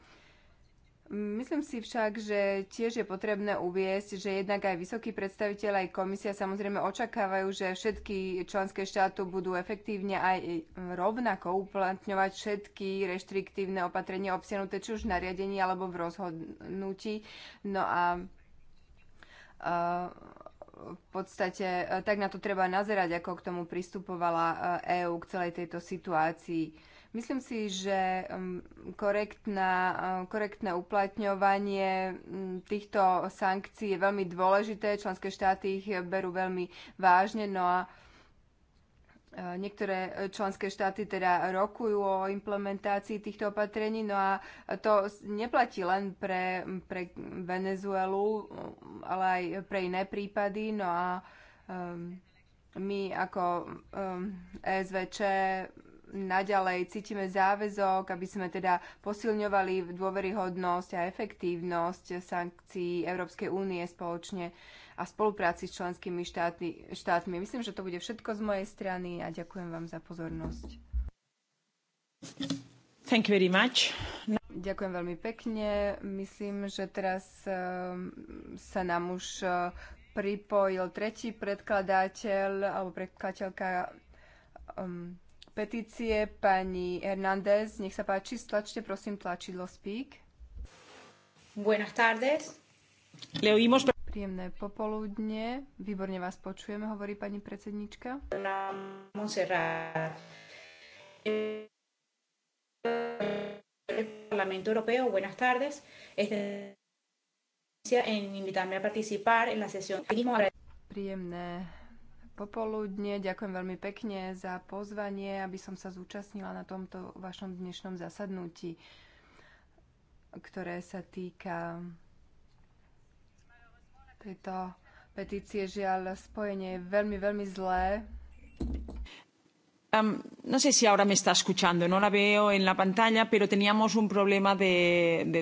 Myslím si však, že tiež je potrebné uviesť, že jednak aj vysoký predstaviteľ, aj komisia samozrejme očakávajú, že všetky členské štáty budú efektívne aj rovnako uplatňovať všetky reštriktívne opatrenia obsiahnuté či už v nariadení alebo v rozhodnutí. No a, a v podstate e, tak na to treba nazerať, ako k tomu pristupovala EÚ e k celej tejto situácii. Myslím si, že um, korektná, uh, korektné uplatňovanie um, týchto sankcií je veľmi dôležité. Členské štáty ich berú veľmi vážne. No a uh, Niektoré členské štáty teda rokujú o implementácii týchto opatrení, no a to neplatí len pre, um, pre Venezuelu, ale aj pre iné prípady. No a um, my ako um, SVČ naďalej cítime záväzok, aby sme teda posilňovali dôveryhodnosť a efektívnosť sankcií Európskej únie spoločne a spolupráci s členskými štátmi, štátmi. Myslím, že to bude všetko z mojej strany a ďakujem vám za pozornosť. Thank you very much. No... Ďakujem veľmi pekne. Myslím, že teraz uh, sa nám už uh, pripojil tretí predkladateľ alebo predkladateľka um, petície pani Hernández. Nech sa páči, stlačte prosím tlačidlo Speak. Buenas tardes. Le oímos... Príjemné popoludne. Výborne vás počujeme, hovorí pani predsednička. Na Montserrat. Parlamento Europeo, buenas tardes. Este en invitarme a participar en la sesión. Príjemné popoludne. Ďakujem veľmi pekne za pozvanie, aby som sa zúčastnila na tomto vašom dnešnom zasadnutí, ktoré sa týka tejto petície. Žiaľ, spojenie je veľmi, veľmi zlé. Um, no sé si ahora me está escuchando, no la veo en la pantalla, pero teníamos un problema de... de...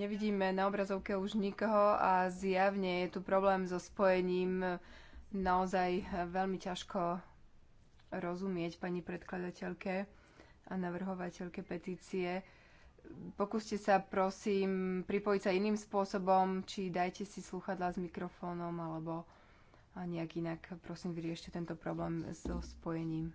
Nevidíme na obrazovke už nikoho a zjavne je tu problém so spojením naozaj eh, veľmi ťažko rozumieť pani predkladateľke a navrhovateľke petície. Pokúste sa prosím pripojiť sa iným spôsobom, či dajte si sluchadla s mikrofónom alebo a nejak inak prosím vyriešte tento problém so spojením.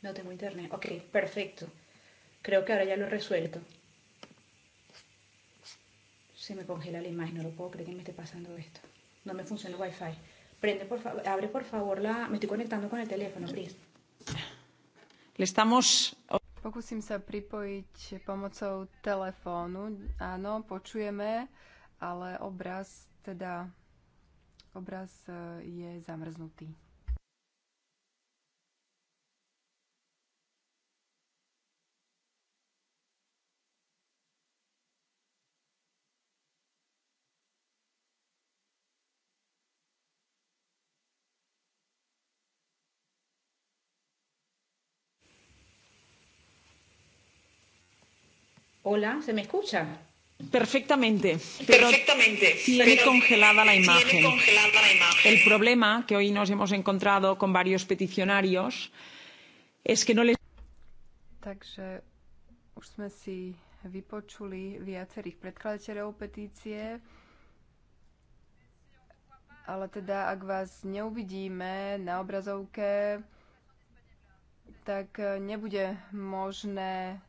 No tengo internet. Ok, perfecto. Creo que ahora ya lo he resuelto se me congela la imagen, no lo puedo creer que me esté pasando esto. No me funciona el wifi. Prende por favor, abre por favor la, me estoy conectando con el teléfono, please. Le estamos... Pokúsim sa pripojiť pomocou telefónu. Áno, počujeme, ale obraz, teda obraz eh, je zamrznutý. Hola, ¿se me escucha? Perfectamente, pero Perfectamente, tiene, pero congelada la imagen. tiene congelada la imagen. El problema que hoy nos hemos encontrado con varios peticionarios es que no les... Takže už sme si vypočuli viacerých predkladateľov petície, ale teda ak vás neuvidíme na obrazovke, tak nebude možné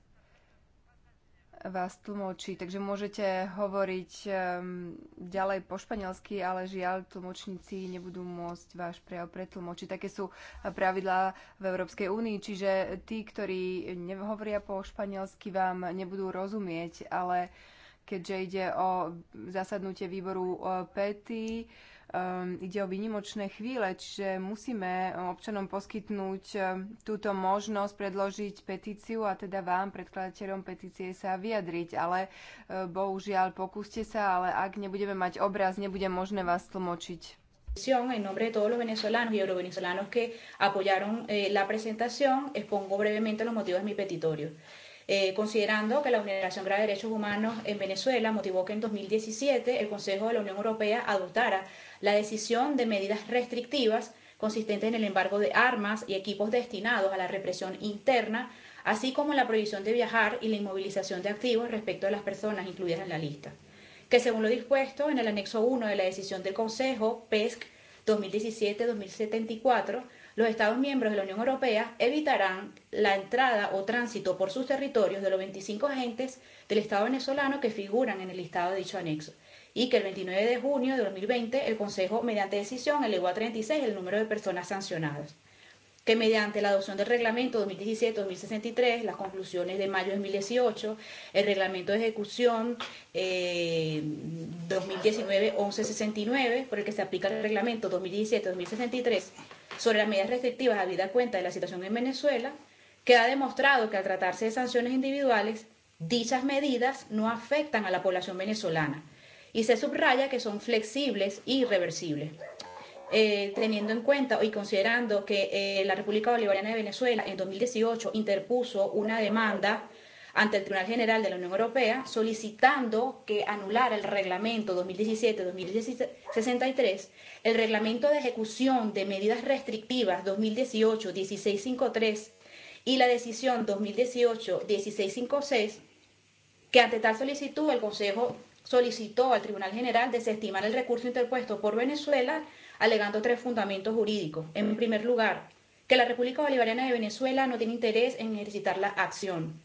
vás tlmočí, takže môžete hovoriť ehm, ďalej po španielsky, ale žiaľ, tlmočníci nebudú môcť váš prejav pretlmočiť. Také sú pravidlá v Európskej únii, čiže tí, ktorí nehovoria po španielsky, vám nebudú rozumieť, ale keďže ide o zasadnutie výboru e, PETI, um, ide o výnimočné chvíle, čiže musíme eh, občanom poskytnúť eh, túto možnosť predložiť petíciu a teda vám, predkladateľom petície, sa vyjadriť. Ale eh, bohužiaľ, pokúste sa, ale ak nebudeme mať obraz, nebude možné vás tlmočiť. En nombre de todos los venezolanos y eurovenezolanos que apoyaron eh, la presentación, expongo brevemente los motivos de mi petitorio eh, considerando que la vulneración grave de derechos humanos en Venezuela motivó que en 2017 el Consejo de la Unión Europea adoptara la decisión de medidas restrictivas consistentes en el embargo de armas y equipos destinados a la represión interna, así como la prohibición de viajar y la inmovilización de activos respecto a las personas incluidas en la lista, que según lo dispuesto en el anexo 1 de la decisión del Consejo PESC 2017-2074, los Estados miembros de la Unión Europea evitarán la entrada o tránsito por sus territorios de los 25 agentes del Estado venezolano que figuran en el listado de dicho anexo, y que el 29 de junio de 2020 el Consejo, mediante decisión, elevó a 36 el número de personas sancionadas que mediante la adopción del reglamento 2017-2063, las conclusiones de mayo de 2018, el reglamento de ejecución eh, 2019-1169, por el que se aplica el reglamento 2017-2063, sobre las medidas restrictivas a vida cuenta de la situación en Venezuela, que ha demostrado que al tratarse de sanciones individuales, dichas medidas no afectan a la población venezolana y se subraya que son flexibles y reversibles. Eh, teniendo en cuenta y considerando que eh, la República Bolivariana de Venezuela en 2018 interpuso una demanda ante el Tribunal General de la Unión Europea solicitando que anulara el reglamento 2017-2063, el reglamento de ejecución de medidas restrictivas 2018-1653 y la decisión 2018-1656, que ante tal solicitud el Consejo solicitó al Tribunal General desestimar el recurso interpuesto por Venezuela alegando tres fundamentos jurídicos. En primer lugar, que la República Bolivariana de Venezuela no tiene interés en ejercitar la acción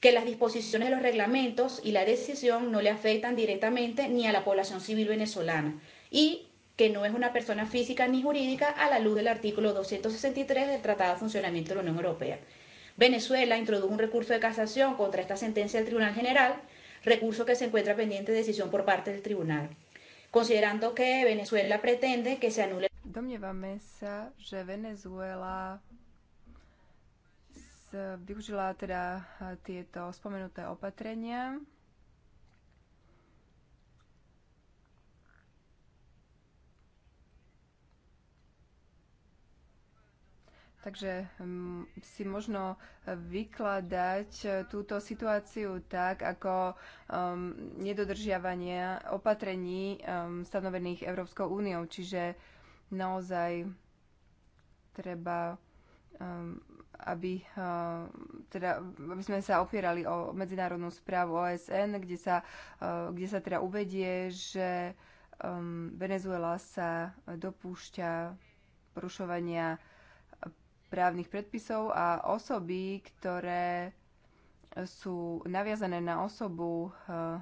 que las disposiciones de los reglamentos y la decisión no le afectan directamente ni a la población civil venezolana y que no es una persona física ni jurídica a la luz del artículo 263 del Tratado de Funcionamiento de la Unión Europea. Venezuela introdujo un recurso de casación contra esta sentencia del Tribunal General, recurso que se encuentra pendiente de decisión por parte del tribunal, considerando que Venezuela pretende que se anule. Domnievame sa, že Venezuela využila teda e, tieto spomenuté opatrenia. Takže mm, si možno vykladať e, túto situáciu tak, ako um, nedodržiavanie opatrení um, stanovených Európskou úniou. Čiže naozaj treba um, aby, eh, teda, aby sme sa opierali o medzinárodnú správu OSN, kde sa, eh, kde sa teda uvedie, že ehm, Venezuela sa dopúšťa porušovania právnych predpisov a osoby, ktoré sú naviazané na osobu eh,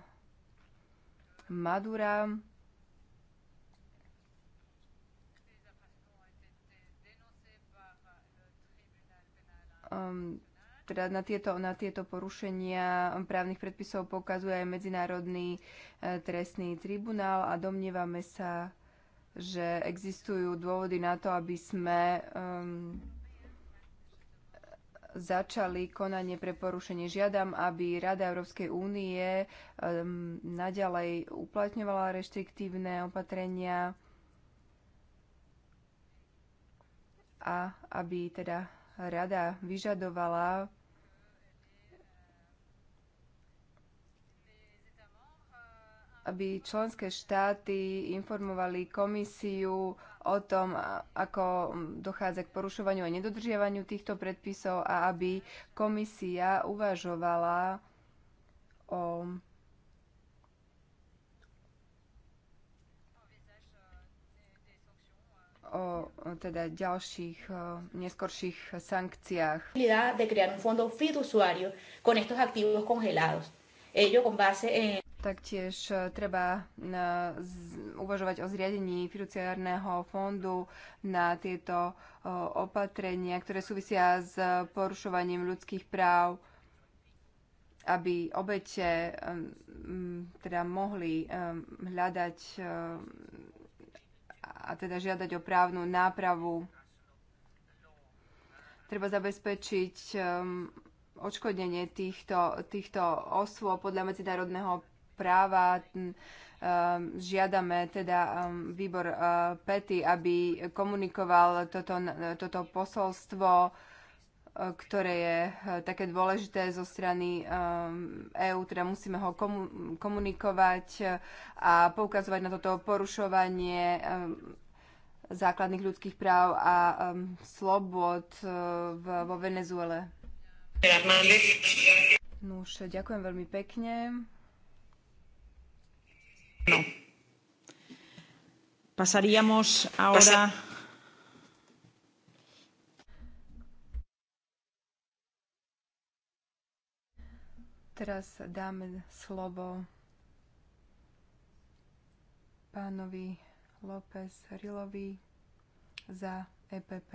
Madura, um, teda na tieto, na tieto porušenia právnych predpisov pokazuje aj Medzinárodný eh, trestný tribunál a domnievame sa, že existujú dôvody na to, aby sme um, začali konanie pre porušenie. Žiadam, aby Rada Európskej únie um, naďalej uplatňovala reštriktívne opatrenia a aby teda rada vyžadovala aby členské štáty informovali komisiu o tom, ako dochádza k porušovaniu a nedodržiavaniu týchto predpisov a aby komisia uvažovala o o teda ďalších o, neskorších sankciách. de crear un fondo fiduciario con estos activos congelados. Ello con base en Taktiež e, treba na, e, z, uvažovať o zriadení fiduciárneho fondu na tieto o, e, opatrenia, ktoré súvisia s porušovaním ľudských práv, aby obete m, m, teda mohli m, hľadať m, a teda žiadať o právnu nápravu. Treba zabezpečiť um, odškodnenie týchto, týchto osôb podľa medzinárodného práva. Um, žiadame teda um, výbor uh, PETI, aby komunikoval toto, toto posolstvo ktoré je eh, také dôležité zo strany eh, EÚ, teda musíme ho komunikovať eh, a poukazovať na toto porušovanie základných ľudských práv a slobod vo Venezuele. Nuž, ďakujem veľmi pekne. No. Pasaríamos ahora... Teraz dáme slovo pánovi López Rilovi za EPP.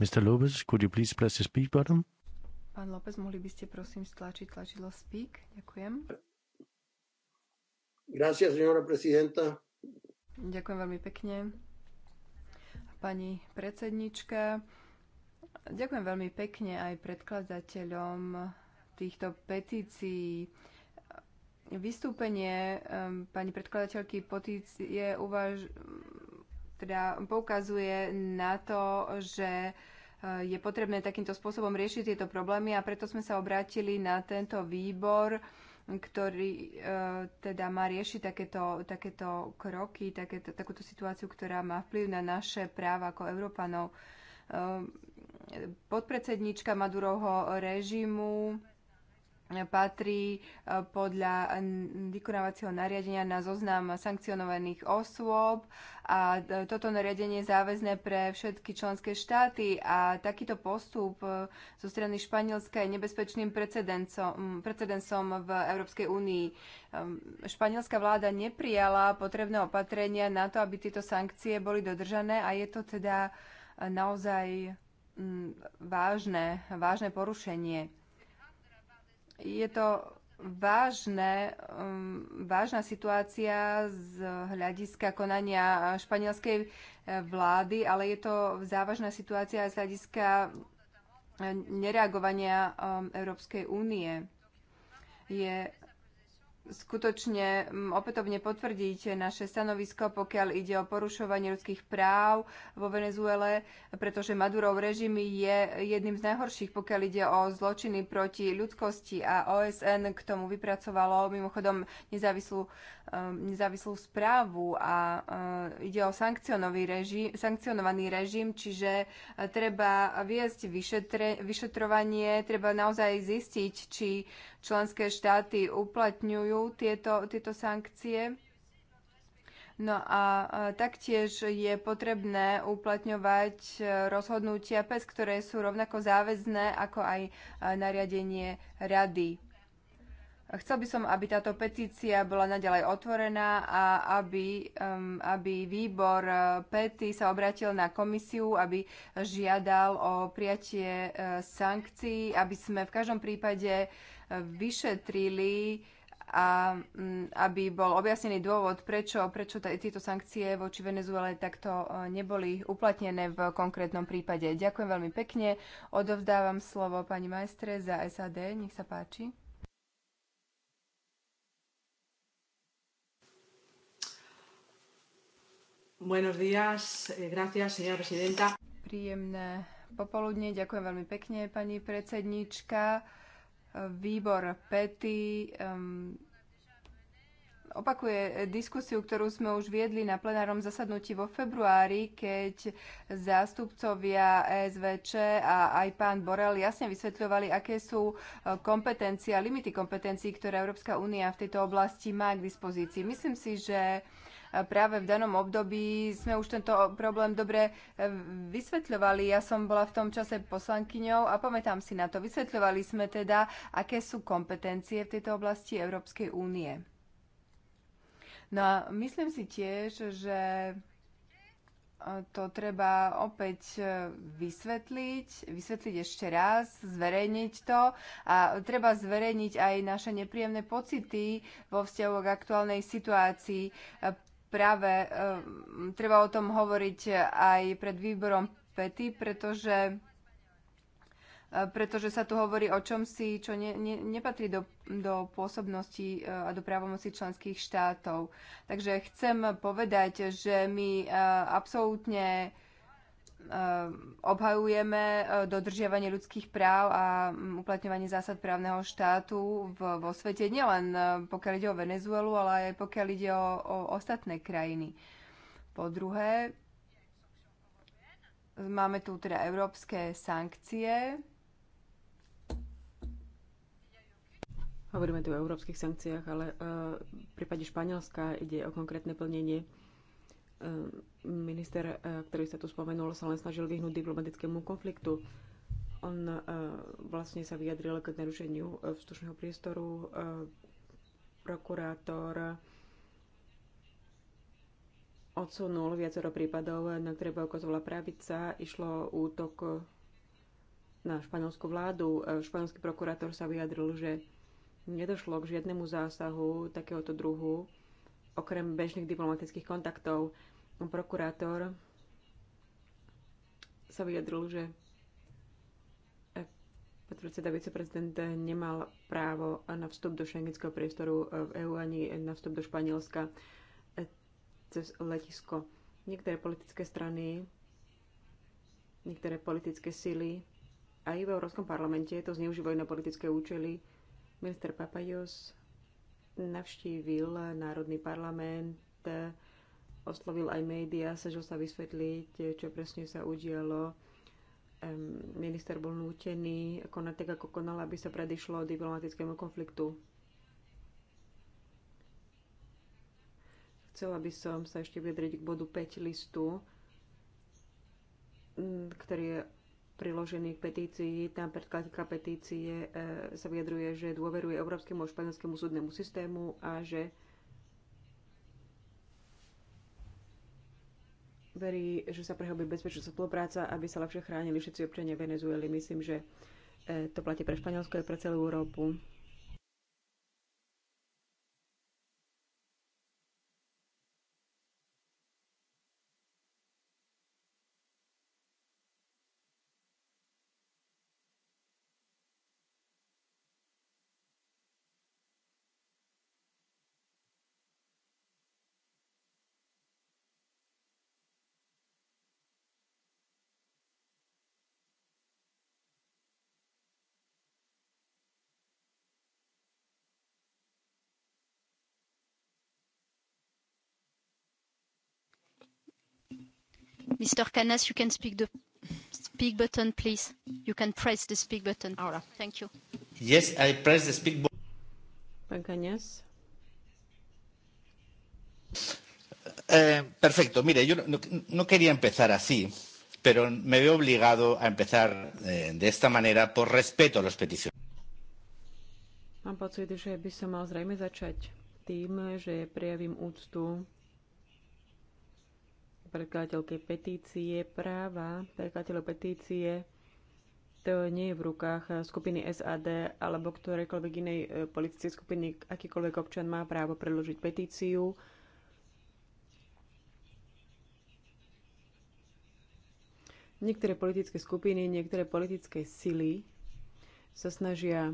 Mr. López, could you please press the speak button? Pán López, mohli by ste prosím stlačiť tlačidlo speak? Ďakujem. Gracias, señora presidenta. Ďakujem veľmi pekne. Pani predsednička, ďakujem veľmi pekne aj predkladateľom týchto petícií. Vystúpenie um, pani predkladateľky petície uvaž... teda poukazuje na to, že eh, je potrebné takýmto spôsobom riešiť tieto problémy a preto sme sa obrátili na tento výbor ktorý e, teda má riešiť takéto, takéto kroky, takéto, takúto situáciu, ktorá má vplyv na naše práva ako Európanov. E, podpredsednička Madurovho režimu patrí eh, podľa vykonávacieho nariadenia na zoznam sankcionovaných osôb a eh, toto nariadenie je záväzné pre všetky členské štáty a takýto postup eh, zo strany Španielska je nebezpečným precedensom v Európskej únii. Ehm, španielská vláda neprijala potrebné opatrenia na to, aby tieto sankcie boli dodržané a je to teda naozaj vážne, vážne porušenie je to vážne, um, vážna situácia z hľadiska konania španielskej eh, vlády, ale je to závažná situácia z hľadiska eh, nereagovania um, Európskej únie. Je skutočne opätovne potvrdiť naše stanovisko, pokiaľ ide o porušovanie ľudských práv vo Venezuele, pretože Madurov režim je jedným z najhorších, pokiaľ ide o zločiny proti ľudskosti a OSN k tomu vypracovalo mimochodom nezávislú, nezávislú správu a e, ide o režim, sankcionovaný režim, čiže e, treba viesť vyšetre, vyšetrovanie, treba naozaj zistiť, či členské štáty uplatňujú tieto, tieto sankcie. No a taktiež je potrebné uplatňovať e, rozhodnutia PES, ktoré sú rovnako záväzné ako aj e, nariadenie rady. Chcel by som, aby táto petícia bola naďalej otvorená a aby, um, aby výbor e, PETI sa obratil na komisiu, aby žiadal o prijatie sankcií, aby sme v každom prípade uh, vyšetrili a mm, aby bol objasnený dôvod, prečo, prečo tieto sankcie voči Venezuele takto e, neboli uplatnené v konkrétnom prípade. Ďakujem veľmi pekne. Odovzdávam slovo pani majstre za SAD. Nech sa páči. Buenos días, eh, gracias, señora presidenta. Príjemné popoludne, ďakujem veľmi pekne, pani predsednička výbor PETI um, opakuje diskusiu, ktorú sme už viedli na plenárnom zasadnutí vo februári, keď zástupcovia SVČ a aj pán Borel jasne vysvetľovali, aké sú e, kompetencie a limity kompetencií, ktoré Európska únia v tejto oblasti má k dispozícii. Myslím si, že práve v danom období sme už tento problém dobre e, vysvetľovali. Ja som bola v tom čase poslankyňou a pamätám si na to. Vysvetľovali sme teda, aké sú kompetencie v tejto oblasti Európskej únie. No a myslím si tiež, že e, to treba opäť e, vysvetliť, vysvetliť ešte raz, zverejniť to a treba zverejniť aj naše nepríjemné pocity vo vzťahu k aktuálnej situácii práve ehm, treba o tom hovoriť aj pred výborom Pety, pretože e, pretože sa tu hovorí o čomsi, čo ne, ne, nepatrí do, do pôsobnosti e, a do právomocí členských štátov. Takže chcem povedať, že my e, absolútne Eh, obhajujeme eh, dodržiavanie ľudských práv a mm, uplatňovanie zásad právneho štátu vo svete, nielen eh, pokiaľ ide o Venezuelu, ale aj pokiaľ ide o, o ostatné krajiny. Po druhé, máme tu teda európske sankcie. Hovoríme tu o európskych sankciách, ale v prípade Španielska ide o konkrétne plnenie Ehm, minister, eh, ktorý sa tu spomenul, sa len snažil vyhnúť diplomatickému konfliktu. On eh, vlastne sa vyjadril k narušeniu eh, vzdušného priestoru. Prokurátor odsunul viacero prípadov, na ktoré okazovala pravica. Išlo útok na španielskú vládu. Španielský prokurátor sa vyjadril, že nedošlo k žiadnemu zásahu takéhoto druhu, okrem bežných diplomatických kontaktov prokurátor sa vyjadril, že predseda viceprezident nemal právo na vstup do šengenského priestoru v EÚ ani na vstup do Španielska cez letisko. Niektoré politické strany, niektoré politické sily aj v Európskom parlamente to zneužívajú na politické účely. Minister Papajos navštívil Národný parlament oslovil aj médiá, snažil sa vysvetliť, čo presne sa udialo. Minister bol nútený konať tak, ako konal, aby sa predišlo diplomatickému konfliktu. Chcela by som sa ešte vyjadriť k bodu 5 listu, ktorý je priložený k petícii. Tam predkladateľka petície e, sa vyjadruje, že dôveruje Európskemu a španielskému súdnemu systému a že verí, že sa prehobí bezpečnosť spolupráca, aby sa lepšie chránili všetci občania Venezuely. Myslím, že eh, to platí pre Španielsko aj pre celú Európu. Mr. Canas, you can speak the speak button, please. You can press the speak button. Ahora. Thank you. Yes, I press the speak button. Pán Cañas. Eh, perfecto. Mire, yo no, no, no quería empezar así, pero me veo obligado a empezar eh, de esta manera por respeto a los peticiones. Mám pocit, že by som mal zrejme začať tým, že prejavím úctu predkladateľky petície, práva predkladateľov petície, to nie je v rukách skupiny SAD alebo ktorejkoľvek inej e, politickej skupiny. Akýkoľvek občan má právo predložiť petíciu. Niektoré politické skupiny, niektoré politické sily sa snažia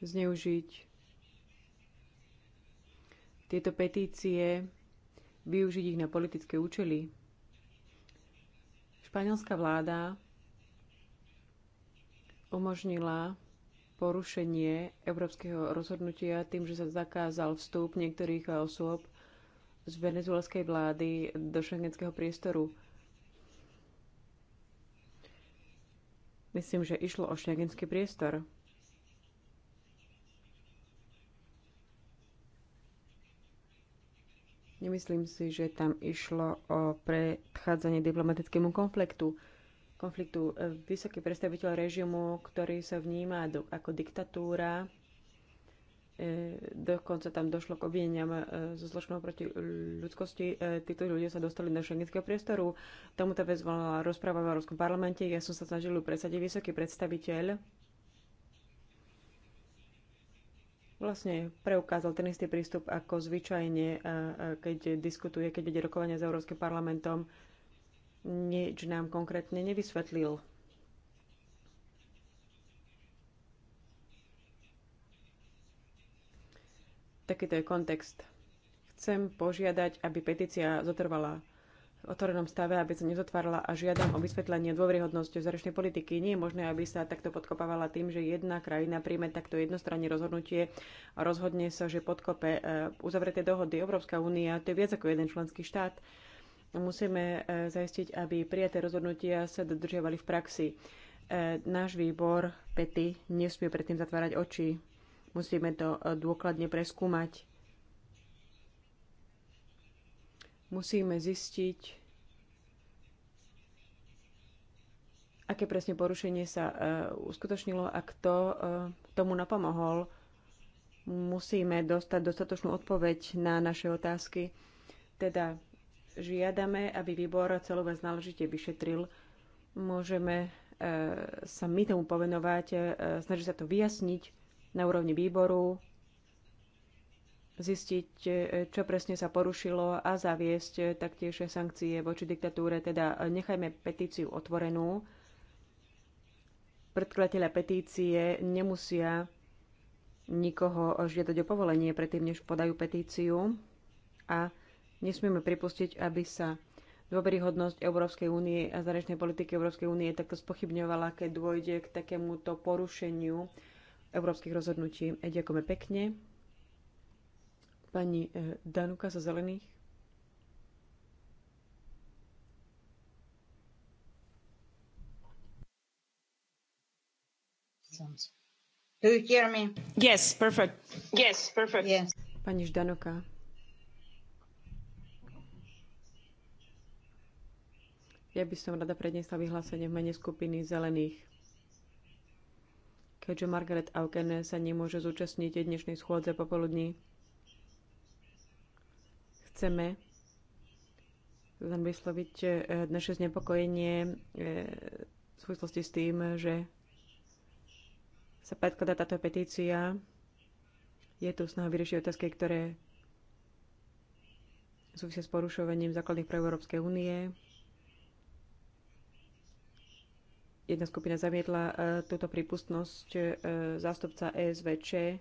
zneužiť tieto petície, využiť ich na politické účely. Španielská vláda umožnila porušenie európskeho rozhodnutia tým, že sa zakázal vstup niektorých osôb z venezuelskej vlády do šengenského priestoru. Myslím, že išlo o šengenský priestor. Nemyslím si, že tam išlo o predchádzanie diplomatickému konfliktu. konfliktu. E, vysoký predstaviteľ režimu, ktorý sa vníma ako diktatúra, e, dokonca tam došlo k obvineniam e, zo zločinov proti ľudskosti. Títo ľudia sa dostali do šengenského priestoru. Tomuto vec volala rozpráva v Európskom parlamente. Ja som sa snažil presadiť vysoký predstaviteľ vlastne preukázal ten istý prístup ako zvyčajne, keď diskutuje, keď ide rokovania s Európskym parlamentom. Nič nám konkrétne nevysvetlil. Takýto je kontext. Chcem požiadať, aby petícia zotrvala v otvorenom stave, aby sa nezotvárala a žiadam o vysvetlenie dôveryhodnosť zahraničnej politiky. Nie je možné, aby sa takto podkopávala tým, že jedna krajina príjme takto jednostranné rozhodnutie a rozhodne sa, že podkope e, uzavreté dohody. Európska únia to je viac ako jeden členský štát. Musíme e, zaistiť, aby prijaté rozhodnutia sa dodržiavali v praxi. E, náš výbor PETI nesmie predtým zatvárať oči. Musíme to dôkladne preskúmať Musíme zistiť, aké presne porušenie sa e, uskutočnilo a kto e, tomu napomohol. Musíme dostať dostatočnú odpoveď na naše otázky. Teda žiadame, aby výbor celú vec náležite vyšetril. Môžeme e, sa my tomu povenovať, snažiť sa to vyjasniť na úrovni výboru, zistiť, e, čo presne sa porušilo a zaviesť e, taktiež sankcie voči diktatúre. Teda e, nechajme petíciu otvorenú. Predkladateľa petície nemusia nikoho žiadať o povolenie predtým, než podajú petíciu a nesmieme pripustiť, aby sa dôveryhodnosť Európskej únie a zahraničnej politiky Európskej únie takto spochybňovala, keď dôjde k takémuto porušeniu európskych rozhodnutí. Ďakujeme pekne. Pani eh, Danuka zo Zelených. Do you hear me? Yes, perfect. Yes, perfect. Yes. Pani Ždanoka. Ja by som rada predniesla vyhlásenie v mene skupiny zelených. Keďže Margaret Aukene sa nemôže zúčastniť dnešnej schôdze popoludní, Chceme len vysloviť eh, naše znepokojenie eh, v súvislosti s tým, že sa predkladá táto petícia. Je tu snaha vyriešiť otázky, ktoré súvisia s porušovaním základných práv Európskej únie. Jedna skupina zamietla eh, túto prípustnosť zástupca ESVČ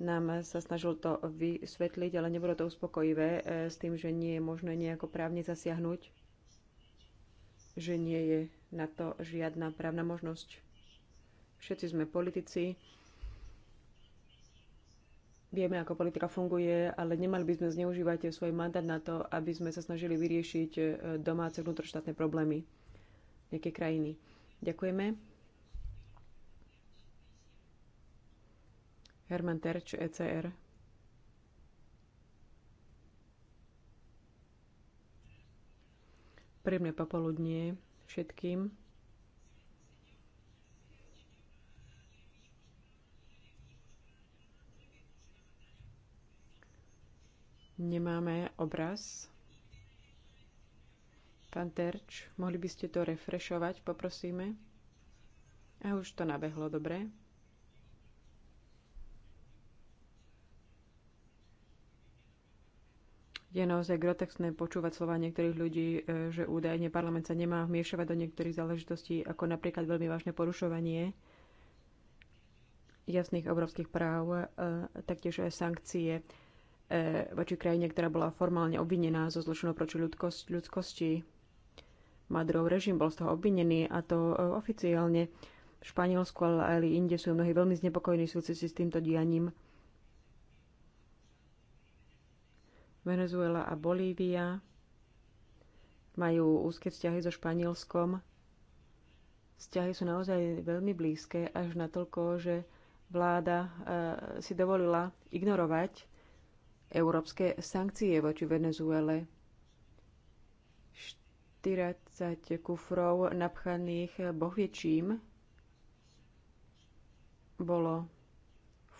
nám sa snažil to vysvetliť, ale nebolo to uspokojivé e, s tým, že nie je možné nejako právne zasiahnuť, že nie je na to žiadna právna možnosť. Všetci sme politici, vieme, ako politika funguje, ale nemali by sme zneužívať svoj mandát na to, aby sme sa snažili vyriešiť e, domáce vnútroštátne problémy nejakej krajiny. Ďakujeme. Herman Terč, ECR. Príjemné popoludnie všetkým. Nemáme obraz. Pán Terč, mohli by ste to refreshovať, poprosíme? A už to nabehlo, dobre. Je naozaj grotexné počúvať slova niektorých ľudí, e, že údajne parlament sa nemá vmiešovať do niektorých záležitostí, ako napríklad veľmi vážne porušovanie jasných európskych práv, e, taktiež aj sankcie e, voči krajine, ktorá bola formálne obvinená zo zločinov proti ľudskosti. Madrov režim bol z toho obvinený a to oficiálne v Španielsku, ale aj inde sú mnohí veľmi znepokojení súci s týmto dianím. Venezuela a Bolívia majú úzke vzťahy so Španielskom. Vzťahy sú naozaj veľmi blízke, až natoľko, že vláda e, si dovolila ignorovať európske sankcie voči Venezuele. 40 kufrov napchaných bohviečím bolo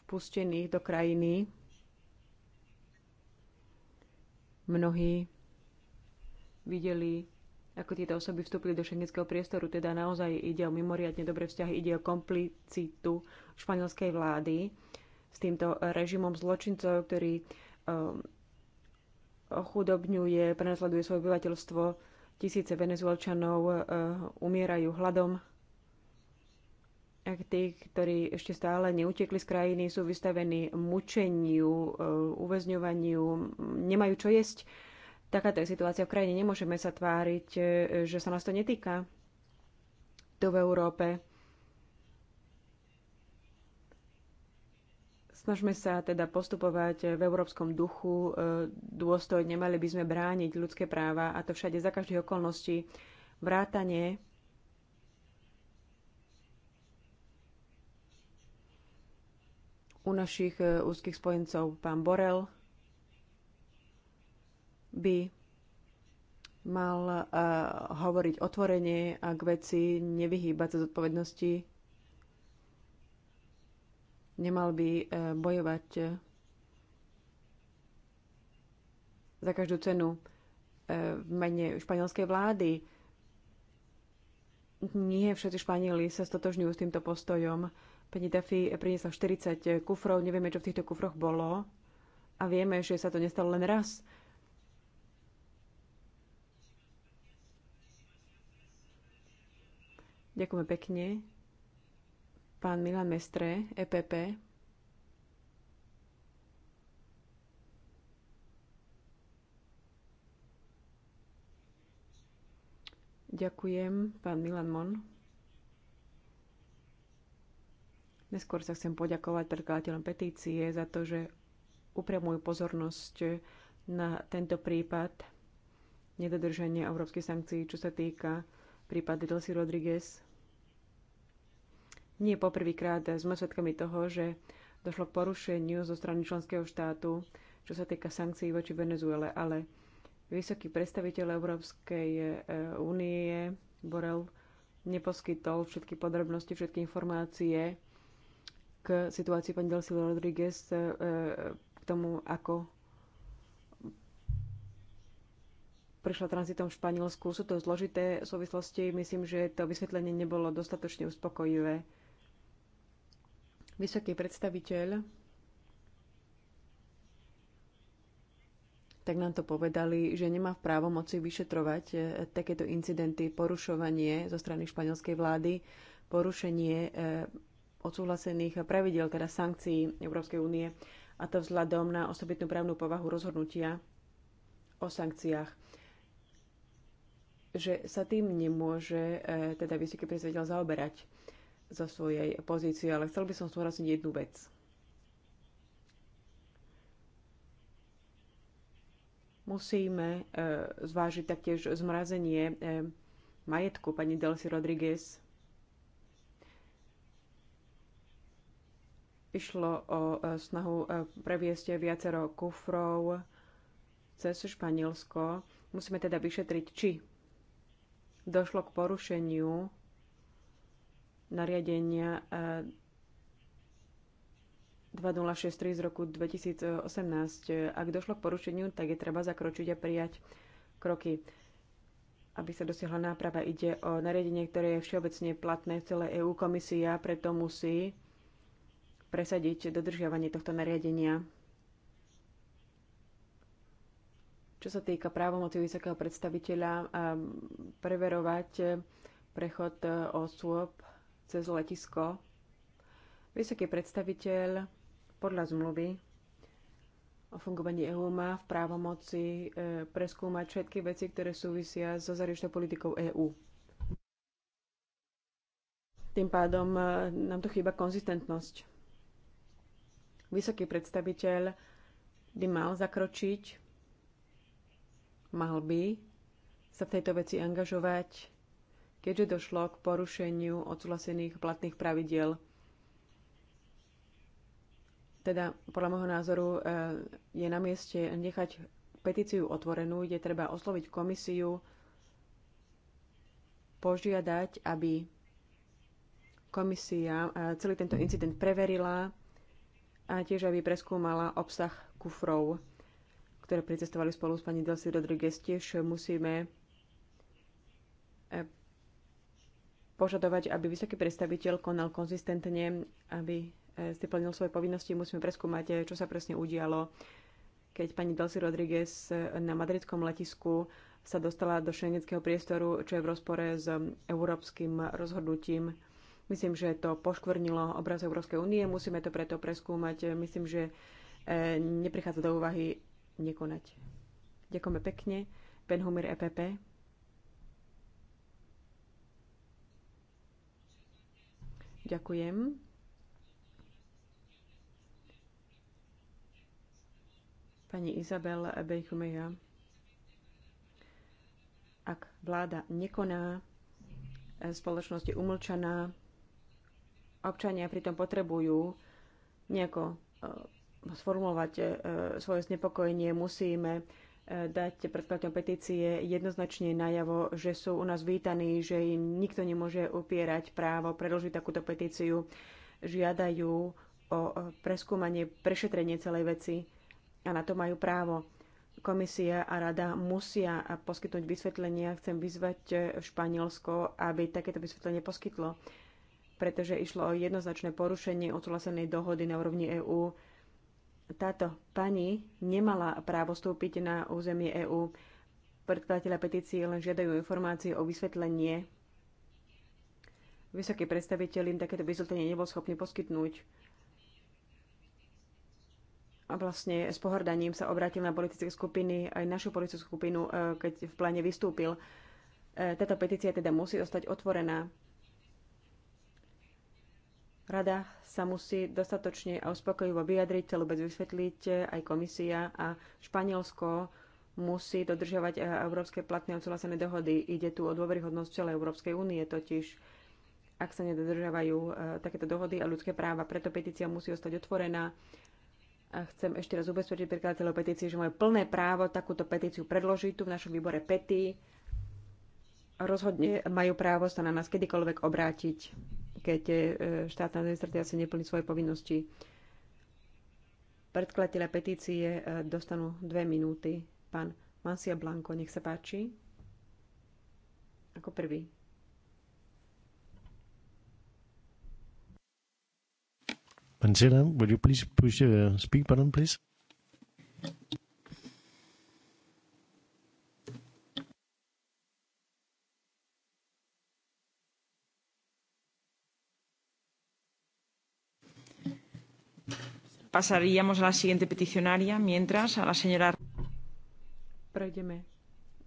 vpustených do krajiny Mnohí videli, ako tieto osoby vstúpili do šengenského priestoru, teda naozaj ide o mimoriadne dobré vzťahy, ide o komplicitu španielskej vlády s týmto režimom zločincov, ktorý um, ochudobňuje, prenasleduje svoje obyvateľstvo. Tisíce venezuelčanov uh, umierajú hladom. Tí, ktorí ešte stále neutekli z krajiny, sú vystavení mučeniu, e, uväzňovaniu, nemajú čo jesť. Takáto je situácia v krajine. Nemôžeme sa tváriť, e, že sa nás to netýka tu v Európe. Snažme sa teda postupovať v európskom duchu e, dôstojne. Mali by sme brániť ľudské práva a to všade za každých okolností. Vrátanie u našich e, úzkých spojencov. Pán Borel by mal e, hovoriť otvorenie a k veci, nevyhýbať sa zodpovednosti. Nemal by e, bojovať za každú cenu v mene španielskej vlády. Nie všetci Španieli sa stotožňujú s týmto postojom Pani Duffy priniesla 40 kufrov, nevieme, čo v týchto kufroch bolo a vieme, že sa to nestalo len raz. Ďakujeme pekne. Pán Milan Mestre, EPP. Ďakujem, pán Milan Mon. Neskôr sa chcem poďakovať predkladateľom petície za to, že upriamujú pozornosť na tento prípad nedodržania európskej sankcií, čo sa týka prípad Delcy Rodriguez. Nie poprvýkrát sme svedkami toho, že došlo k porušeniu zo strany členského štátu, čo sa týka sankcií voči Venezuele, ale vysoký predstaviteľ Európskej e, únie Borel neposkytol všetky podrobnosti, všetky informácie k situácii pani Delcy Rodriguez, e, k tomu, ako prišla tranzitom v Španielsku. Sú to zložité súvislosti. Myslím, že to vysvetlenie nebolo dostatočne uspokojivé. Vysoký predstaviteľ tak nám to povedali, že nemá v právomoci vyšetrovať e, takéto incidenty, porušovanie zo strany španielskej vlády, porušenie e, odsúhlasených pravidel, teda sankcií Európskej únie, a to vzhľadom na osobitnú právnu povahu rozhodnutia o sankciách že sa tým nemôže e, teda vysoký predstaviteľ zaoberať zo svojej pozície, ale chcel by som súhlasiť jednu vec. Musíme e, zvážiť taktiež zmrazenie e, majetku pani Delsi Rodriguez, Išlo o e, snahu e, previesť viacero kufrov cez Španielsko. Musíme teda vyšetriť, či došlo k porušeniu nariadenia 2063 e, z roku 2018. Ak došlo k porušeniu, tak je treba zakročiť a prijať kroky, aby sa dosiahla náprava. Ide o nariadenie, ktoré je všeobecne platné v celej EÚ. Komisia preto musí presadiť dodržiavanie tohto nariadenia. Čo sa týka právomoci vysokého predstaviteľa, preverovať prechod e, osôb cez letisko, vysoký predstaviteľ podľa zmluvy o fungovaní EÚ má v právomoci e, preskúmať všetky veci, ktoré súvisia so zahraničnou politikou EÚ. Tým pádom e, nám tu chýba konzistentnosť. Vysoký predstaviteľ by mal zakročiť, mal by sa v tejto veci angažovať, keďže došlo k porušeniu odsúhlasených platných pravidiel. Teda podľa môjho názoru e, je na mieste nechať petíciu otvorenú, kde treba osloviť komisiu, požiadať, aby komisia e, celý tento incident preverila a tiež, aby preskúmala obsah kufrov, ktoré pricestovali spolu s pani Delsi Rodriguez. Tiež musíme eh, požadovať, aby vysoký predstaviteľ konal konzistentne, aby eh, si plnil svoje povinnosti. Musíme preskúmať, eh, čo sa presne udialo, keď pani Delsi Rodriguez na madridskom letisku sa dostala do šengenského priestoru, čo je v rozpore s európskym rozhodnutím Myslím, že to poškvrnilo obraz Európskej únie, musíme to preto preskúmať. Myslím, že e, neprichádza do úvahy nekonať. Ďakujeme pekne. Ben Humir EPP. Ďakujem. Pani Izabel Bejchumeja. Ak vláda nekoná, e, spoločnosť je umlčaná, občania pritom potrebujú nejako e, sformulovať e, svoje znepokojenie, musíme e, dať predkladom petície jednoznačne najavo, že sú u nás vítaní, že im nikto nemôže upierať právo predložiť takúto petíciu. Žiadajú o preskúmanie, prešetrenie celej veci a na to majú právo. Komisia a rada musia poskytnúť vysvetlenia. Chcem vyzvať Španielsko, aby takéto vysvetlenie poskytlo pretože išlo o jednoznačné porušenie odsúhlasenej dohody na úrovni EÚ. Táto pani nemala právo vstúpiť na územie EÚ. Predkladateľa petície len žiadajú informácie o vysvetlenie. Vysoký predstaviteľ im takéto vysvetlenie nebol schopný poskytnúť. A vlastne s pohrdaním sa obrátil na politické skupiny, aj našu politickú skupinu, e, keď v pláne vystúpil. E, táto petícia teda musí ostať otvorená Rada sa musí dostatočne a uspokojivo vyjadriť, celú vec vysvetliť e, aj komisia a Španielsko musí dodržiavať e, európske platné odsúhlasené dohody. Ide tu o dôveryhodnosť celej Európskej únie totiž, ak sa nedodržiavajú e, takéto dohody a ľudské práva. Preto petícia musí ostať otvorená. A chcem ešte raz ubezpečiť predkladateľov petície, že majú plné právo takúto petíciu predložiť tu v našom výbore PETI. Rozhodne majú právo sa na nás kedykoľvek obrátiť keď e, štátna administratíva si neplní svoje povinnosti. Predkladateľa petície e, dostanú dve minúty. Pán Masia Blanko, nech sa páči. Ako prvý. Pancela, would you please push, uh, speak button, please? Pasaríamos a la siguiente peticionaria, mientras a la señora... Prejdeme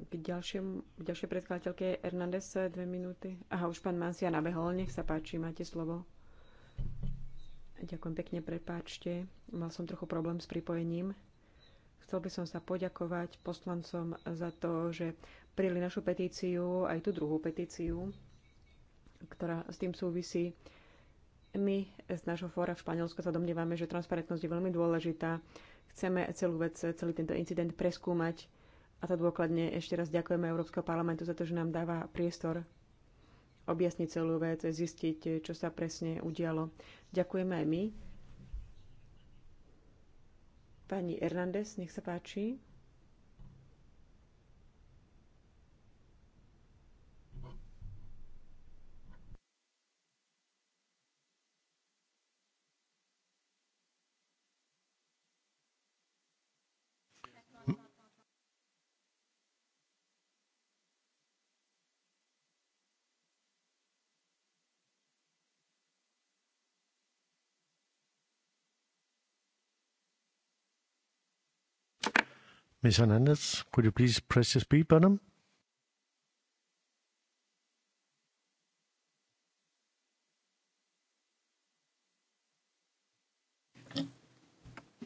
k ďalšiem, ďalšej predkladateľke Hernández, dve minúty. Aha, už pán Mancia nabehol, nech sa páči, máte slovo. Ďakujem pekne, prepáčte. Mal som trochu problém s pripojením. Chcel by som sa poďakovať poslancom za to, že prijeli našu petíciu, aj tú druhú petíciu, ktorá s tým súvisí. My z nášho fóra v Španielsku sa domnievame, že transparentnosť je veľmi dôležitá. Chceme celú vec, celý tento incident preskúmať a to dôkladne ešte raz ďakujeme Európskeho parlamentu za to, že nám dáva priestor objasniť celú vec, zistiť, čo sa presne udialo. Ďakujeme aj my. Pani Hernández, nech sa páči. Ms. Hernandez, could you please press the speed button?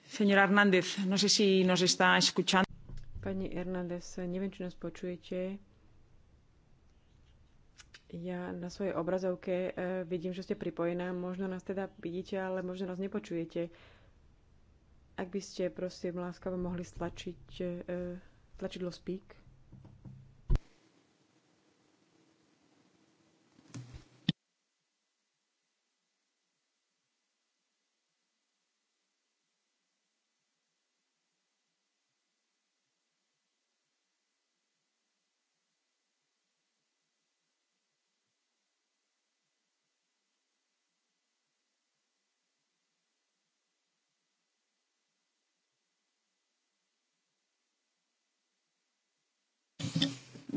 Señora Hernández, no sé si nos está escuchando. Pani Hernández, neviem, či nás počujete. Ja na svojej obrazovke eh, vidím, že ste pripojená. Možno nás teda vidíte, ale možno nás nepočujete. Ak by ste, prosím, láskavo mohli stlačiť e, e, tlačidlo speak.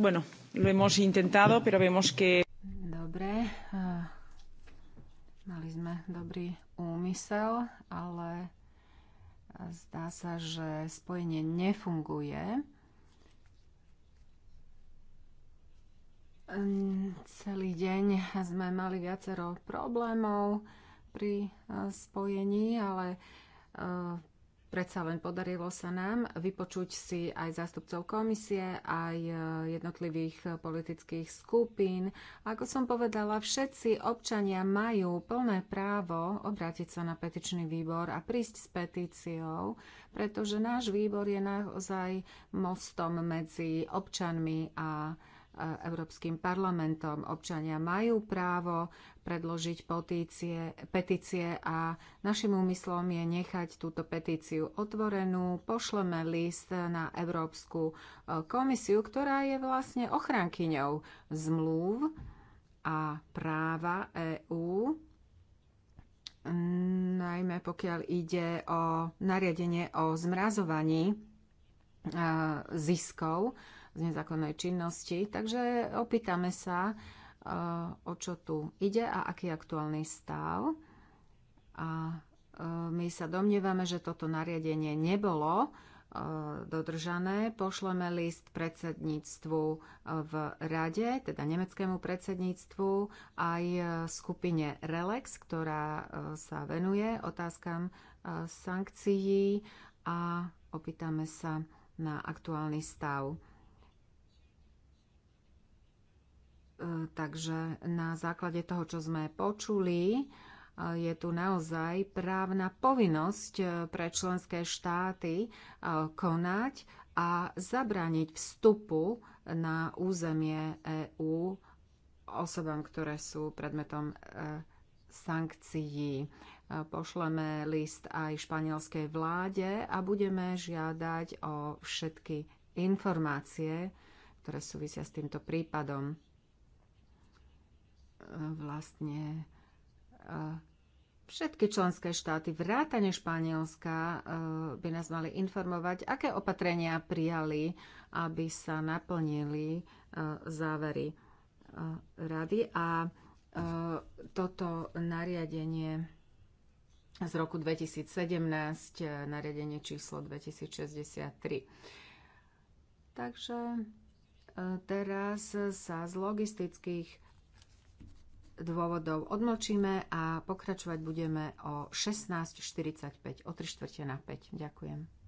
Bueno, lo hemos intentado, pero vemos que... Dobre, mali sme dobrý úmysel, ale zdá sa, že spojenie nefunguje. Celý deň sme mali viacero problémov pri spojení, ale Predsa len podarilo sa nám vypočuť si aj zástupcov komisie, aj e, jednotlivých e, politických skupín. Ako som povedala, všetci občania majú plné právo obrátiť sa na petičný výbor a prísť s petíciou, pretože náš výbor je naozaj mostom medzi občanmi a Európskym parlamentom. Občania majú právo predložiť petície, petície a našim úmyslom je nechať túto petíciu otvorenú. Pošleme list na Európsku e, komisiu, ktorá je vlastne ochrankyňou zmluv a práva EÚ, najmä pokiaľ ide o nariadenie o zmrazovaní e, ziskov z nezákonnej činnosti. Takže opýtame sa, e, o čo tu ide a aký je aktuálny stav. A e, my sa domnievame, že toto nariadenie nebolo e, dodržané. Pošleme list predsedníctvu v rade, teda nemeckému predsedníctvu, aj skupine RELEX, ktorá sa venuje otázkam sankcií a opýtame sa na aktuálny stav. E, takže na základe toho, čo sme počuli, e, je tu naozaj právna povinnosť e, pre členské štáty konať a zabrániť vstupu na územie EÚ osobám, ktoré sú predmetom sankcií. Pošleme list aj španielskej vláde a budeme žiadať o všetky informácie, ktoré súvisia s týmto prípadom vlastne e, všetky členské štáty, vrátane Španielska, e, by nás mali informovať, aké opatrenia prijali, aby sa naplnili e, závery rady. A toto nariadenie z roku 2017, nariadenie číslo 2063. Takže teraz sa z logistických dôvodov odmlčíme a pokračovať budeme o 16.45, o 3 čtvrte na 5. Ďakujem.